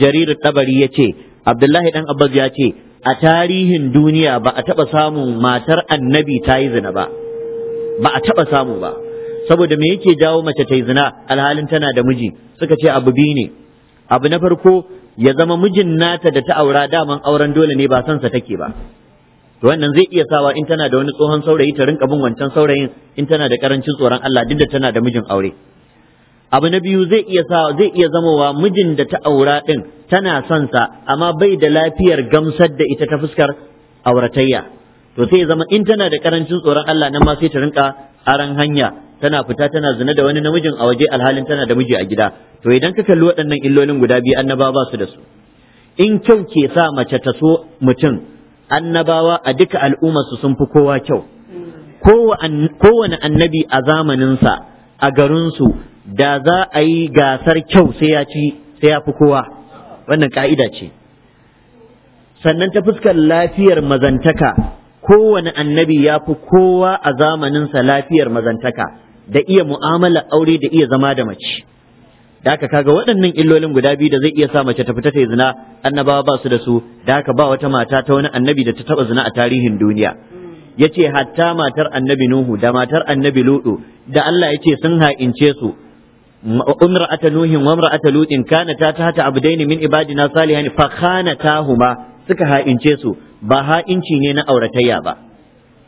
jarir tabari ya ce abdullahi dan abbas ya ce a tarihin duniya ba a taɓa samun matar annabi ta yi zina ba ba a taba samu ba saboda me yake jawo mace ta yi zina alhalin tana da miji suka ce abu biyu ne abu na farko ya zama mijin nata da ta aura daman auren dole ne ba son sa take ba to wannan zai iya sawa in tana da wani tsohon saurayi ta rinka bin wancan saurayin in tana da karancin tsoron Allah duk da tana da mijin aure abu na biyu zai iya sa zai iya zamowa mijin da ta aura din tana son sa amma bai da lafiyar gamsar da ita ta fuskar auratayya to sai ya zama in tana da karancin tsoron Allah nan ma sai ta rinka aran hanya tana fita tana zina da wani namijin a waje alhalin tana da miji a gida to idan ka kalli waɗannan illolin guda biyu annabawa ba su da su in kyau ke sa mace ta so mutum annabawa a duka al'ummarsu sun fi kowa kyau kowane annabi a zamaninsa a garinsu da za a yi gasar kyau sai ya ci sai ya fi kowa wannan ka'ida ce sannan ta fuskar lafiyar mazantaka kowane annabi ya fi kowa a zamaninsa lafiyar mazantaka da iya mu'amala aure da iya zama da mace da kaga waɗannan illolin guda biyu da zai iya sa mace ta fita ta zina annabawa ba su da su da haka ba wata mata ta wani annabi da ta taba zina a tarihin duniya yace hatta matar annabi nuhu da matar annabi ludu da Allah yace sun ha'ince su umra'ata nuhin wa umra'ata lutin kana ta ta ta abdaini min ibadina salihan fa khanatahuma suka ha'ince su ba ha'inci ne na auratayya ba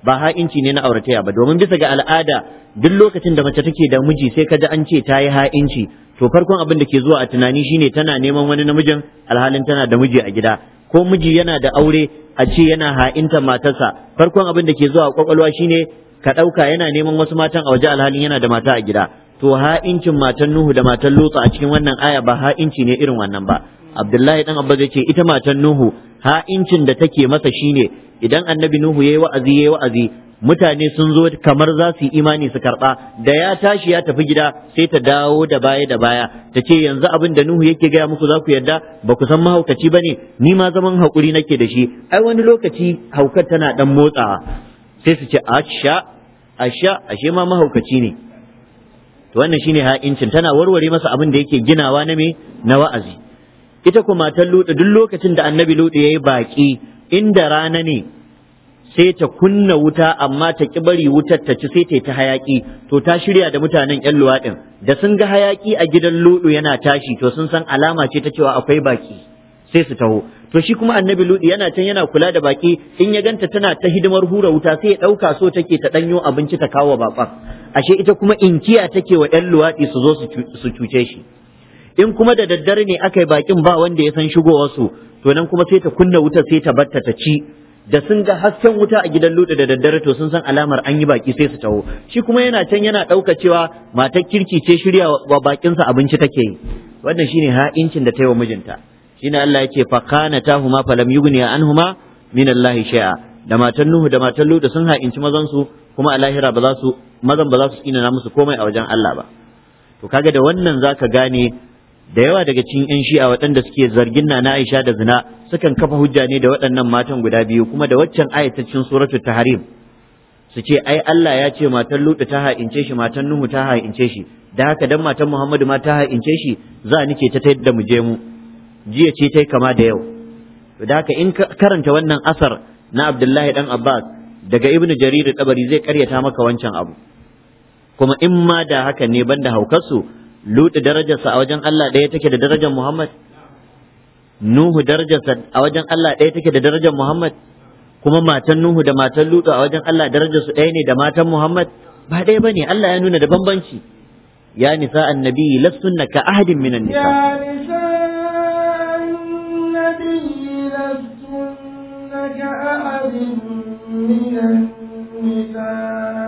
ba ha'inci ne na aurataya ba domin bisa ga al'ada duk lokacin da mace take da miji sai kaji an ce ta yi ha'inci to farkon abin da ke zuwa a tunani shine tana neman wani namijin alhalin tana da miji a gida ko miji yana da aure a ce yana ha'inta matarsa farkon abin da ke zuwa kwakwalwa shine ka ɗauka yana neman wasu matan a waje alhalin yana da mata a gida to ha'incin matan Nuhu da matan Lutsa a cikin wannan aya ba ha'inci ne irin wannan ba Abdullahi dan Abba zai ce ita matan Nuhu ha'incin da take masa shine idan annabi nuhu yayi wa'azi ya yi wa'azi mutane sun zo kamar za su yi imani su karba da ya tashi ya tafi gida sai ta dawo da baya da baya ta ce yanzu abin da nuhu yake gaya muku za ku yarda ba ku san mahaukaci ba ne ni ma zaman haƙuri nake da shi ai wani lokaci haukar tana ɗan motsawa sai su ce asha ashe ma mahaukaci ne to wannan shine ha'incin tana warware masa abin da yake ginawa na me na wa'azi ita ko matan lutu duk lokacin da annabi lutu yayi baki inda rana ne sai ta kunna wuta amma ta ki bari wutar ta ci sai ta ta hayaki to ta shirya da mutanen yan luwaɗin da sun ga hayaki a gidan lutu yana tashi to sun san alama ce ta cewa akwai baki sai su taho to shi kuma annabi lutu yana can yana kula da baki in ya ganta tana ta hidimar hura wuta sai ya ɗauka so take ta ɗanyo abinci ta kawo baƙon ashe ita kuma inkiya take wa 'yan luwaɗi su zo su cuce shi in kuma da daddare ne aka yi bakin ba wanda ya san shigowarsu to nan kuma sai ta kunna wuta sai ta batta ta ci da sun ga hasken wuta a gidan lude da daddare to sun san alamar an yi baki sai su taho shi kuma yana can yana ɗauka cewa matar kirki ce shirya wa bakinsa abinci take yi wannan shine ha'incin da ta yi wa mijinta shine Allah ya ce fa kana fa lam yughni anhuma min Allah shay'a da matan Nuhu da matan sun ha'inci mazan su kuma a lahira ba za su mazan ba za su tsina musu komai a wajen Allah ba to kaga da wannan zaka gane da yawa daga cikin yan shi'a waɗanda suke zargin na Aisha da zina sukan kafa hujja ne da waɗannan matan guda biyu kuma da waccan ayatacin suratul tahrim su ce ai Allah ya ce matan Lutu ta ha'ince shi matan Nuhu ta ha'ince shi da haka dan matan Muhammadu ma ta ha'ince shi za ni nike ta tayar da mu je mu jiya ce tai kama da yau da haka in karanta wannan asar na Abdullahi dan Abbas daga Ibnu Jarir Tabari zai karyata maka wancan abu kuma in ma da haka ne banda haukarsu lutu darajarsa a wajen Allah ɗaya take da darajar Muhammad Nuhu darajarsa a wajen Allah ɗaya take da darajar Muhammad kuma matan Nuhu da matan Lutu a wajen Allah darajarsu ɗaya ne da matan Muhammad ba ɗaya bane Allah ya nuna da bambanci ya nisa annabi lastunna ka ahadin minan nisa ya nisa annabi ka ahadin minan nisa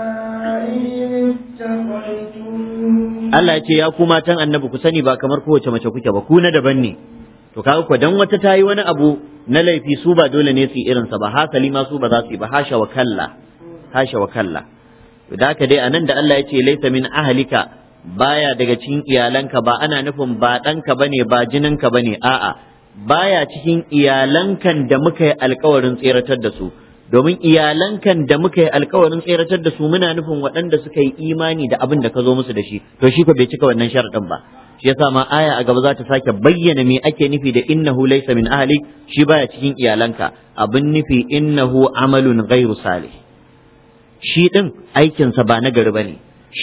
Allah ya ce ya ku matan annabi ku sani ba kamar kowace mace kuke ba ku na daban ne to kaga ko dan wata tayi wani abu na laifi su ba dole ne su irin sa ba hasali ma su ba za su yi ba hasha wa kalla hasha wa kalla to da ka dai anan da Allah ya ce laisa min ahlika baya daga cikin iyalanka ba ana nufin ba ɗanka bane ba jininka bane a'a baya cikin iyalankan da muka yi alkawarin tseratar da su domin iyalankan da muka yi alkawarin tseratar da su muna nufin waɗanda suka yi imani da abin da ka zo musu da shi to shi ko bai cika wannan sharaɗin ba shi yasa ma aya a gaba za ta sake bayyana me ake nufi da innahu laysa min ahli shi baya cikin iyalanka abin nufi innahu amalun ghairu salih shi din aikinsa ba na gari bane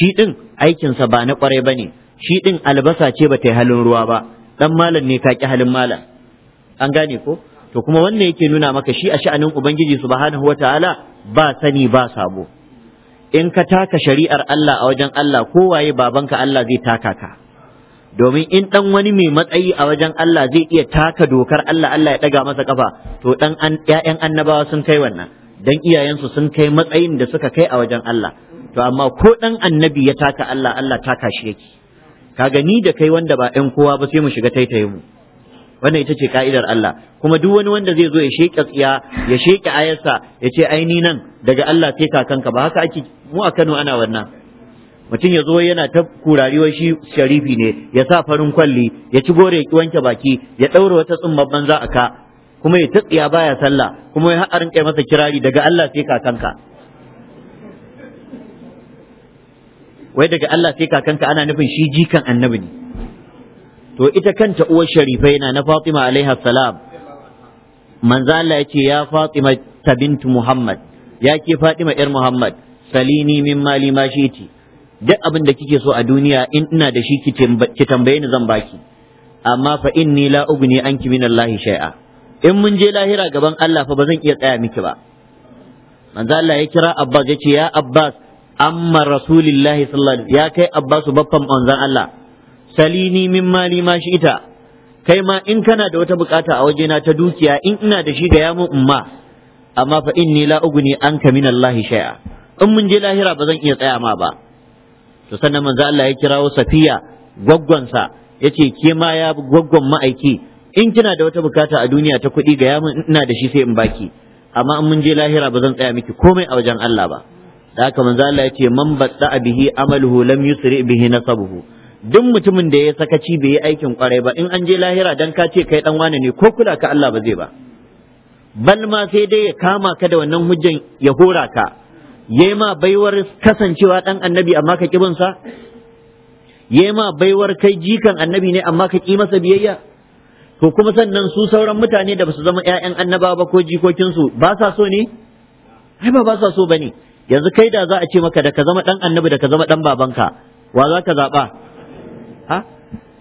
shi din aikinsa ba na kwarai bane shi din albasa ce ba ta yi halin ruwa ba dan malam ne ka ki halin malam an gane ko to kuma wannan yake nuna maka shi a sha'anin ubangiji subhanahu wataala ba sani ba sabo in ka taka shari'ar Allah a wajen Allah kowaye babanka Allah zai taka ka domin in dan wani mai matsayi a wajen Allah zai iya taka dokar Allah Allah ya daga masa kafa to dan ƴaƴan annabawa sun kai wannan dan iyayensu sun kai matsayin da suka kai a wajen Allah to amma ko dan annabi ya taka Allah Allah taka shi yake kaga ni da kai wanda ba ɗan kowa ba sai mu shiga taitaye mu wannan ita ce ka'idar Allah kuma duk wani wanda zai zo ya sheke tsiya ya sheke ayarsa ya ce aini nan daga Allah sai kakanka ba haka ake mu a Kano ana wannan mutum ya zo yana ta kurariwa shi sharifi ne ya sa farin kwalli ya ci gore ya wanke baki ya ɗaura wata tsumman banza a ka kuma ya tsiya baya sallah kuma ya haƙarin kai masa kirari daga Allah sai kakanka wai daga Allah sai kakanka ana nufin shi jikan annabi ne to ita kanta uwar sharifai na na Fatima alaiha salam manzo Allah ya ce ya Fatima ta bintu Muhammad ya ke Fatima yar Muhammad salini min mali ma shiti duk abin da kike so a duniya in ina da shi ki tambaye ni zan baki amma fa inni la ugni anki min Allah shay'a in mun je lahira gaban Allah fa ba zan iya tsaya miki ba manzo Allah ya kira Abbas ya ce ya Abbas amma rasulillahi sallallahu alaihi ya kai Abbas babban manzon Allah salini min mali ma shi ita kai ma in kana da wata bukata a wajena ta dukiya in ina da shi ga ya mun umma amma fa inni la ugni anka min Allah shay'a in mun je lahira bazan iya tsaya ma ba to sannan manzo Allah ya kirawo Safiya gwaggonsa yace ke ma ya gwaggon ma'aiki in kina da wata bukata a duniya ta kuɗi ga ya ina da shi sai in baki amma in mun je lahira bazan tsaya miki komai a wajen Allah ba da haka manzo Allah yace man batta bihi amaluhu lam yusri bihi nasabuhu duk mutumin da ya sakaci bai yi aikin kwarai ba in an je lahira dan ka ce kai dan wane ne ko kula ka Allah ba zai ba bal ma sai dai ya kama ka da wannan hujjan ya hora ka yayi ma baiwar kasancewa dan annabi amma ka kibin sa yayi ma baiwar kai jikan annabi ne amma ka ki masa biyayya to kuma sannan su sauran mutane da basu zama ƴaƴan annaba ba ko jikokinsu ba sa so ne ai ba ba sa so bane yanzu kai da za a ce maka da ka zama dan annabi da ka zama dan babanka wa za ka zaɓa ha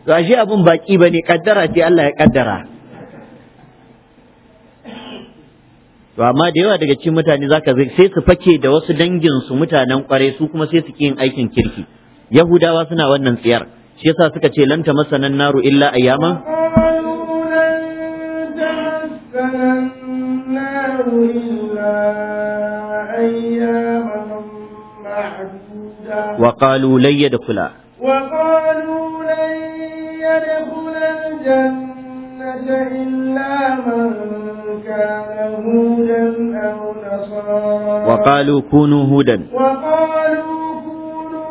to abin abun baki bane kaddara ce Allah ya kaddara to amma da yawa daga cikin mutane zaka zai sai su fake da wasu dangin su mutanen kwarai su kuma sai su yin aikin kirki yahudawa suna wannan tsiyar shi yasa suka ce lan masanan naru illa ayyama وقالوا لن يدخلا وقالوا لن يدخل الجنة إلا من كان هودا أو نصارى وقالوا كونوا هودا وقالوا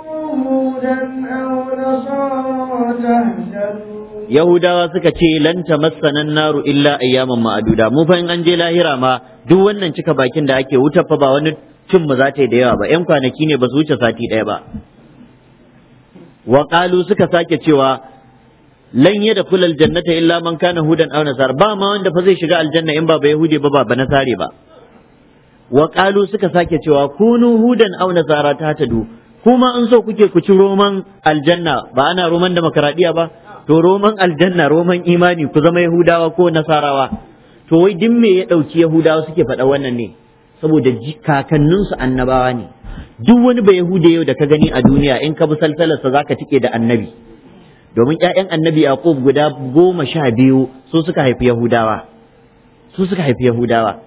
كونوا هودا أو نصارى تهتدوا Yahudawa suka ce lan tamassanan naru illa ayyaman ma'aduda mu fa in an je lahira ma duk wannan cika bakin da ake wutar fa ba wani cin mu za ta yi da yawa ba yan kwanaki ne ba su wuce sati ɗaya ba wa qalu suka sake cewa lan yadkhul aljannata illa man kana hudan aw nasara ba ma wanda fa zai shiga aljanna in ba ba yahudi ba ba nasare ba wa qalu suka sake cewa kunu hudan aw nasara ta tadu kuma in so kuke ku ci roman aljanna ba ana roman demokradiya ba to roman aljanna roman imani ku zama yahudawa ko nasarawa to wai duk me ya dauki yahudawa suke faɗa wannan ne saboda kakanninsu annabawa ne duk wani ba yahude yau da ka gani a duniya in ka bi salsalarsa ka cike da annabi domin ƴaƴan annabi yaqub guda goma sha biyu su suka haifi yahudawa su suka haifi yahudawa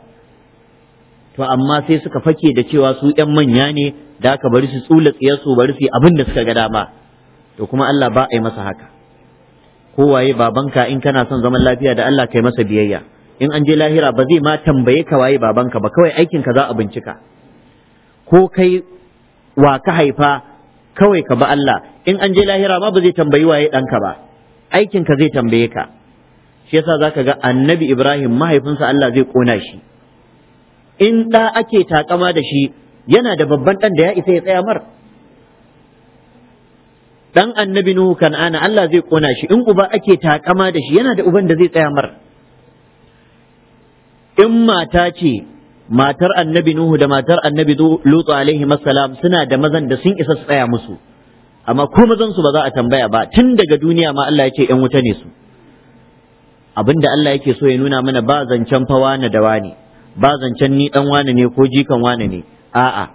to amma sai suka fake da cewa su ƴan manya ne da aka bari su tsula tsiyarsu bari su abin da suka ga dama to kuma Allah ba a yi masa haka kowaye babanka in kana son zaman lafiya da Allah kai masa biyayya in an je lahira ba zai ma tambaye ka waye babanka ba kawai aikin ka za a bincika ko kai wa ka haifa kawai ka ba Allah in an je lahira ma ba zai tambayi waye ɗanka ba aikin zai tambaye ka shi yasa zaka ga annabi Ibrahim mahaifinsa Allah zai kona shi in ɗa ake takama da shi yana da babban ɗan da ya isa ya tsaya mar dan annabi Nuhu kan'ana Allah zai kona shi in uba ake takama da shi yana da uban da zai tsaya mar in mata ce matar annabi nuhu da matar annabi lutu alaihi masalam suna da mazan da sun isa su tsaya musu amma ko mazan su ba za a tambaya ba tun daga duniya ma Allah ce yan wuta ne su abinda Allah yake so ya nuna mana ba zancen fa wani da wani ba zancen ni dan wani ne ko jikan wani ne a'a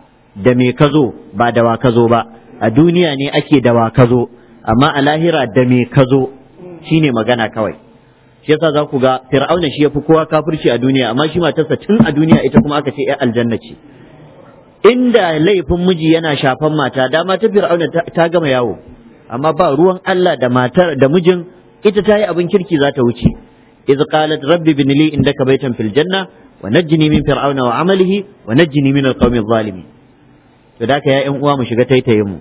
da me ka ba da wa ka ba a duniya ne ake da wa ka amma a lahira da me ka zo shine magana kawai shi yasa za ku ga fir'auna shi ya fi kowa kafirci a duniya amma shi matarsa tun a duniya ita kuma aka ce ya aljanna ce inda laifin miji yana shafan mata dama ta fir'auna ta gama yawo amma ba ruwan Allah da matar da mijin ita ta yi abin kirki za ta wuce iz qalat rabbi bin li indaka baytan fil janna wa najjini min fir'auna wa amalihi wa najjini min alqawmi zalimi. to da ka ya 'yan uwa mu shiga taitaye mu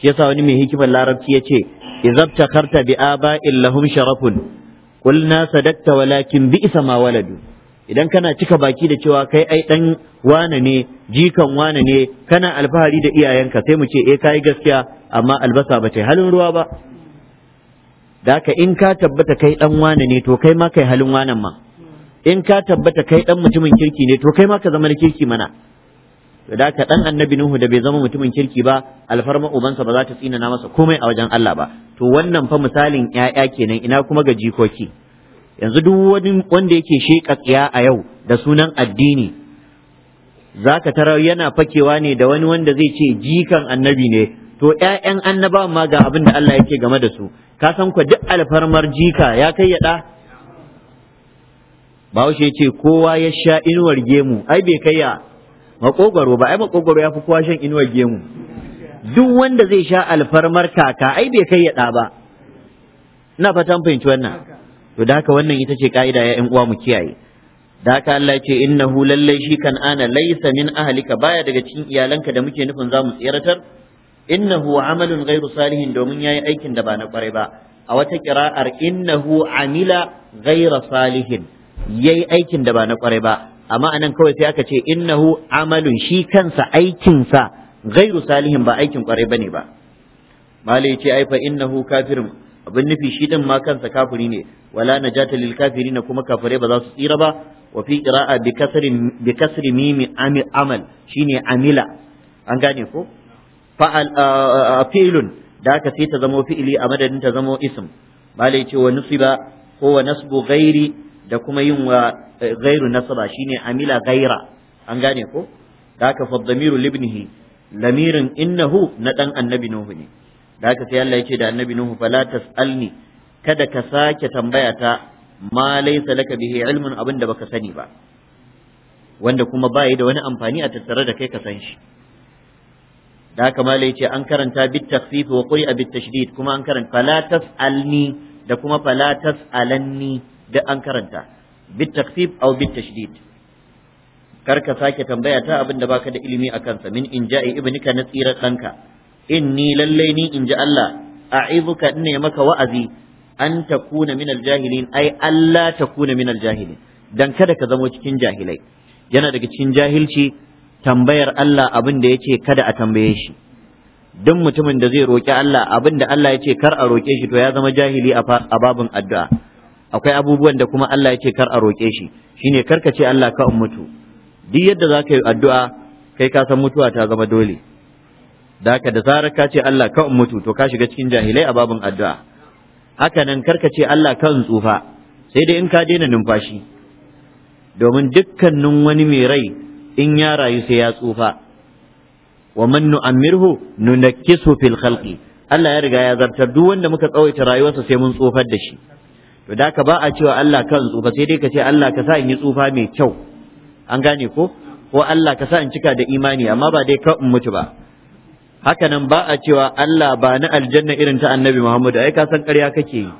shi yasa wani mai hikimar larabci yace izabta karta bi aba'in lahum sharafun na sadakta walakin isa ma waladu idan kana cika baki da cewa kai ai dan wane ne jikan wane ne kana alfahari da iyayenka sai mu ce eh kai gaskiya amma albasa ba ta halin ruwa ba da ka in ka tabbata kai dan wane ne to kai ma kai halin wanan ma in ka tabbata kai dan mutumin kirki ne to kai ma ka zama na kirki mana da ka dan annabi nuhu da bai zama mutumin kirki ba alfarma ubansa ba za ta tsina na masa komai a wajen Allah ba to wannan fa misalin 'ya'ya kenan ina kuma ga jikoki yanzu duk wani wanda yake sheka tsiya a yau da sunan addini zaka tara yana fakewa ne da wani wanda zai ce jikan annabi ne to ƴaƴan annaba ma ga abin da Allah yake game da su ka san ku duk alfarmar jika ya kai ya da Bahaushe ce kowa ya sha inuwar gemu ai bai kai ya makogwaro ba ai makogwaro ya fi kowa shan inuwar gemu duk wanda zai sha alfarmar kaka ai bai kai ya ɗa ba ina fatan fahimci wannan to da haka wannan ita ce ka'ida ya uwa mu kiyaye da haka Allah ce innahu lallai shi kan ana laysa min ahlika baya daga cikin iyalanka da muke nufin zamu tsiratar innahu amalun ghairu salihin domin yayi aikin da ba na kwarai ba a wata kira'ar innahu amila ghaira salihin yayi aikin da ba na kwarai ba amma anan kawai sai aka ce innahu amalun shi kansa aikinsa gairu salihin ba aikin kwarai bane ba malai ce ai fa innahu kafirun abin nufi shi din ma kansa kafiri ne wala najata lil kafirin kuma kafire ba za su tsira ba wa fi qira'a bi kasrin bi kasri mimi amal shine amila an gane ko fa'al fi'lun da aka sai ta zama fi'ili a madadin ta zama ism malai ce wa nusiba ko wa nasbu ghairi da kuma yin wa gairu nasara shine amila gaira an gane ko da haka faddamiru libnihi lamirin innahu na dan annabi nuhu ne da haka sai Allah ya da annabi nuhu fala alni, kada ka sake tambaya ta ma laysa laka abin da baka sani ba wanda kuma ba da wani amfani a tattare da kai ka san shi da haka mala an karanta bit takhfif wa quri'a bit tashdid kuma an karanta fala tasalni da kuma fala tasalanni da an karanta bit takhfif aw bit tashdid kar ka sake tambaya ta abinda baka da ilimi a kansa min in ja'i ibnika na tsirar ɗanka inni lallai ni in ji Allah a'izuka in ne maka wa'azi an takuna min aljahilin ai Allah takuna min aljahilin dan kada ka zamo cikin jahilai yana daga cikin jahilci tambayar Allah abin da yace kada a tambaye shi duk mutumin da zai roƙi Allah abinda Allah ya ce kar a roƙe shi to ya zama jahili a babun addu'a akwai abubuwan da kuma Allah ya ce kar a roƙe shi shine kar ka ce Allah ka in mutu duk yadda za ka yi addu'a kai ka san mutuwa ta zama dole da haka da zarar ka ce Allah ka in mutu to ka shiga cikin jahilai a babin addu'a haka nan kar ka ce Allah ka tsufa sai dai in ka daina numfashi domin dukkanin wani mai rai in ya rayu sai ya tsufa wa man nu'ammirhu nunakkisu fil khalqi Allah ya riga ya zartar duk wanda muka tsawaita rayuwarsa sai mun tsufar da shi to da ka ba a cewa Allah kan tsufa sai dai ka ce Allah ka sa in yi tsufa mai kyau an gane ko ko Allah ka sa in cika da imani amma ba dai ka in mutu ba haka nan ba a cewa Allah ba na aljanna irin ta annabi Muhammad ai ka san ƙarya kake yi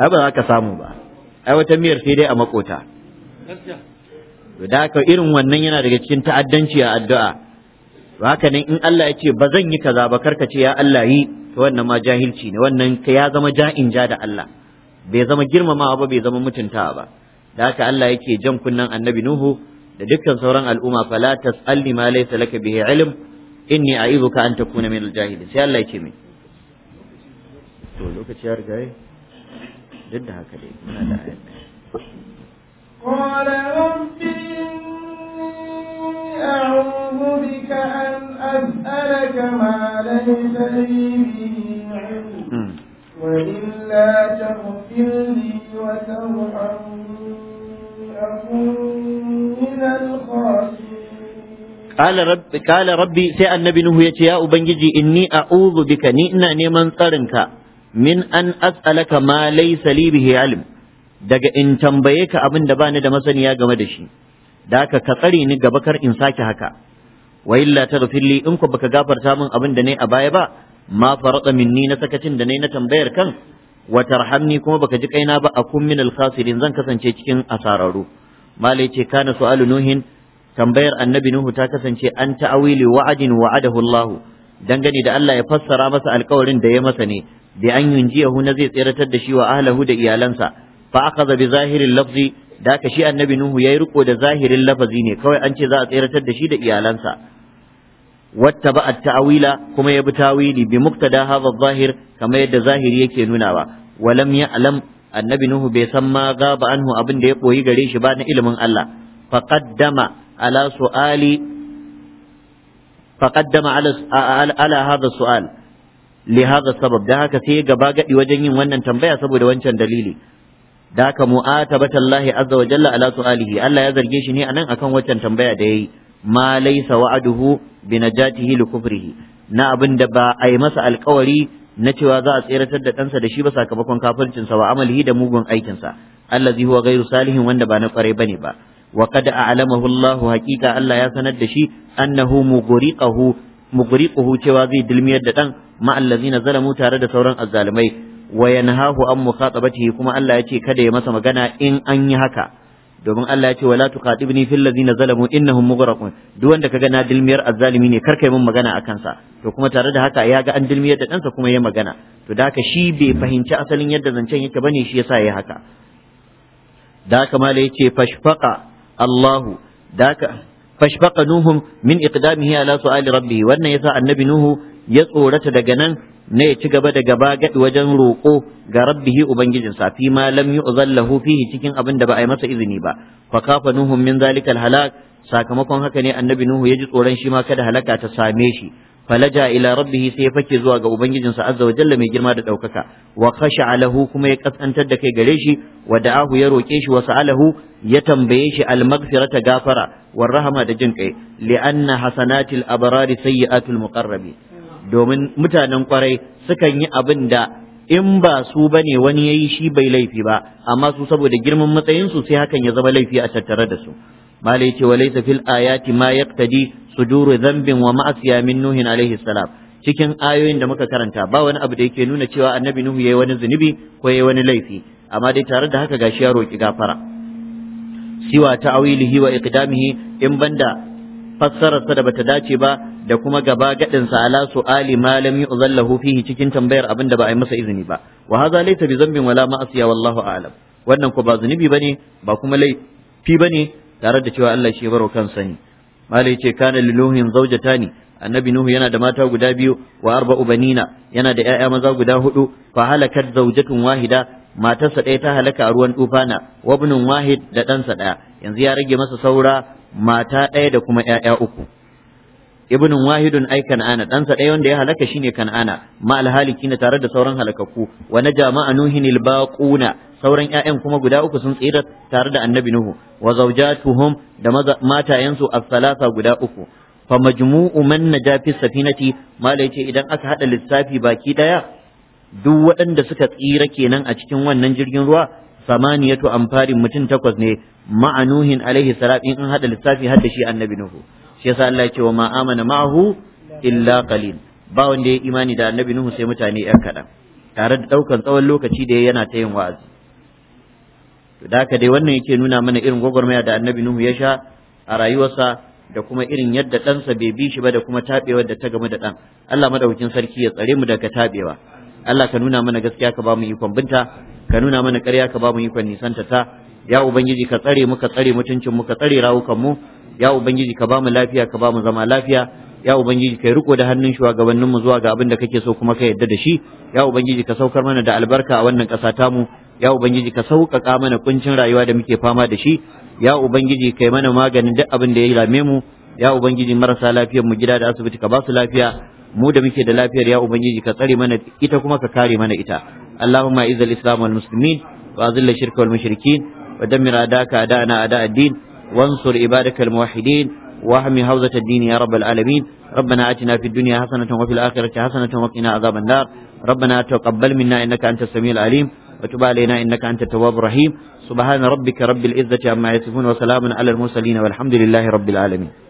ai ba za ka samu ba ai wata miyar sai dai a makota da ka irin wannan yana daga cikin ta'addanci a addu'a haka nan in Allah ya ce ba zan yi kaza ba karka ce ya Allah yi to wannan ma jahilci ne wannan ya zama ja'in ja da Allah bai zama girmamawa ba bai zama mutuntawa ba da haka Allah yake jan kunnan annabi Nuhu da dukkan sauran al'umma fala tas'alni ma laysa laka bihi ilm inni a'iduka an takuna min al sai Allah yake mai to lokaci ya riga duk da haka dai muna da ayat قال رب أعوذ بك أن أسألك ما ليس لي به علم وإلا تغفر لي وترحمني أكن من الخاسرين قال ربي سي النبي نوح يا أبنجي إني أعوذ بك نئنا نيمان صارنك من أن أسألك ما ليس لي به علم daga in tambaye ka abin da bani da masaniya game da shi da haka ka tsare ni gaba kar in sake haka wa illa taghfir li in ku baka gafarta min abin da ne a baya ba ma farada minni na sakacin da nayi na tambayar kan wa tarhamni kuma baka ji kaina ba a min al zan kasance cikin asararru malai ce kana su'alu nuhin tambayar annabi nuhu ta kasance an ta'awili wa'adin wa'adahu hullahu dangane da Allah ya fassara masa alkawarin da ya masa ne bi an yunjiyahu na zai tseratar da shi wa ahlahu da iyalansa fa akhadha zahirin lafzi da ka shi annabi nuhu yi riko da zahirin lafazi ne kawai an ce za a tseratar da shi da iyalansa wattaba at-ta'wila kuma ya bi tawili bi muqtada hadha adh-dhahir kamar yadda zahiri yake nunawa walam ya'lam annabi nuhu bai san ma gaba anhu abin da ya koyi gare shi ba na ilimin Allah faqaddama ala su'ali faqaddama ala ala hadha su'al sabab da haka sai gaba gadi wajen yin wannan tambaya saboda wancan dalili da haka mu'atabatallahi azza wa jalla ala su'alihi Allah ya zarge shi ne anan akan wancan tambaya da ya yi. ma laysa wa'aduhu bi najatihi li na abin da ba a yi masa alkawari na cewa za a tseratar da ɗansa da shi ba sakamakon kafircinsa wa amalihi da mugun aikinsa allazi huwa ghairu salihin wanda ba na kwarai bane ba wa qad a'lamahu Allah haqiqa Allah ya sanar da shi annahu mughriqahu mughriquhu cewa zai dilmiyar da dan ma allazina zalamu tare da sauran azzalumai wa yanhahu an mukhatabatihi kuma Allah ya ce kada ya masa magana in an yi haka domin Allah ya ce wala tuqatibni fil ladzina zalamu innahum mughraqun duk wanda kaga na dilmiyar azzalimi ne karkai mun magana akan sa to kuma tare da haka ya ga an dilmiyar da ɗansa kuma ya magana to da haka shi bai fahimci asalin yadda zancen yake bane shi yasa ya haka da haka mala yace fashfaqa Allahu da haka fashfaqa nuhum min iqdamihi ala su'ali rabbih wannan yasa annabi nuhu ya tsorata daga nan ne ya ci gaba da gaba gadi wajen roƙo ga rabbihi ubangijinsa fi ma lam yu'zal lahu fihi cikin abin da ba a yi masa izini ba fa kafa nuhum min zalikal halak sakamakon haka ne annabi nuhu ya ji tsoron shi ma kada halaka ta same shi falaja ila rabbihi sai ya fake zuwa ga ubangijinsa azza wa jalla mai girma da daukaka wa khasha'a lahu kuma ya kasantar da kai gare shi wa da'ahu ya roke shi wa sa'alahu ya tambaye shi al maghfirata gafara wa rahama da jin kai li anna hasanatil abrari sayyi'atul muqarrabi domin mutanen kwarai sukan yi abin da in ba su bane wani ya yi shi bai laifi ba amma su saboda girman matsayin su sai hakan ya zama laifi a tattare da su malai ce walaysa fil ayati ma su duru zambin wa ma'asiya min nuhin alaihi salam cikin ayoyin da muka karanta ba wani abu da yake nuna cewa annabi nuhu ya yi wani zunubi ko ya yi wani laifi amma dai tare da haka gashi ya roki gafara siwa awilihi wa iqdamihi in banda fassararsa da bata dace ba da kuma gaba gaɗinsa ala su'ali ma lam yu'zallahu fihi cikin tambayar abin da ba a yi masa izini ba wa hadha laysa bi zambin wala ma'asiya wallahu a'lam wannan ko ba zunubi bane ba kuma laifi bane tare da cewa Allah shi ya baro kansa ne malai ce kana liluhin zaujatani annabi nuhu yana da mata guda biyu wa arba'u banina yana da ƴaƴa maza guda hudu fa halakat zaujatun wahida matarsa ɗaya ta halaka a ruwan tufana wabnun wahid da ɗansa ɗaya yanzu ya rage masa saura mata ɗaya da kuma ‘ya'ya uku ibnun wahidun ai kan'ana ɗansa ɗaya wanda ya halaka shine kan'ana ma alhaliki na tare da sauran halakakku wa na jama'a nuhin ilbaquna sauran ƴaƴan kuma guda uku sun tsira tare da annabi nuhu wa zawjatuhum da matayensu as-salasa guda uku fa majmu'u man naja fi safinati mala yace idan aka haɗa lissafi baki ɗaya? duk waɗanda suka tsira kenan a cikin wannan jirgin ruwa samaniyatu amfarin mutum takwas ne ma'anuhin alaihi salatu in an hada lissafi har da shi annabi nuhu shi yasa Allah ya ce wa ma amana ma'ahu illa qalil ba wanda ya imani da annabi nuhu sai mutane yan kaɗan tare da ɗaukan tsawon lokaci da yana ta yin wa'azi to da haka dai wannan yake nuna mana irin gwagwarmaya da annabi nuhu ya sha a rayuwarsa da kuma irin yadda ɗansa bai bi shi ba da kuma taɓewar da ta gamu da ɗan Allah madaukin sarki ya tsare mu daga taɓewa Allah ka nuna mana gaskiya ka ba mu ikon binta ka nuna mana ƙarya ka ba mu ikon nisanta ta ya ubangiji ka tsare mu ka tsare mutuncin mu ka tsare rawukan mu ya ubangiji ka ba mu lafiya ka ba mu zama lafiya ya ubangiji kai riko da hannun shugabannin mu zuwa ga abin da kake so kuma ka yadda da shi ya ubangiji ka saukar mana da albarka a wannan ƙasa mu. ya ubangiji ka sauƙaƙa mana kuncin rayuwa da muke fama da shi ya ubangiji kai mana maganin duk abin da ya yi rame mu ya ubangiji marasa lafiyar mu gida da asibiti ka ba su lafiya mu da muke da lafiyar ya ubangiji ka tsare mana ita kuma ka kare mana ita allahumma izza islam wal muslimin la azilla shirka wal mushrikin wa dammir adaka adana ada ad-din wansur ibadaka al muwahhidin wa hammi hawzat ad-din ya rabbal alamin ربنا اتنا في الدنيا حسنة وفي الآخرة حسنة وقنا عذاب النار ربنا تقبل منا إنك أنت السميع العليم وتب علينا إنك أنت التواب الرحيم سبحان ربك رب العزة عما يصفون وسلام على المرسلين والحمد لله رب العالمين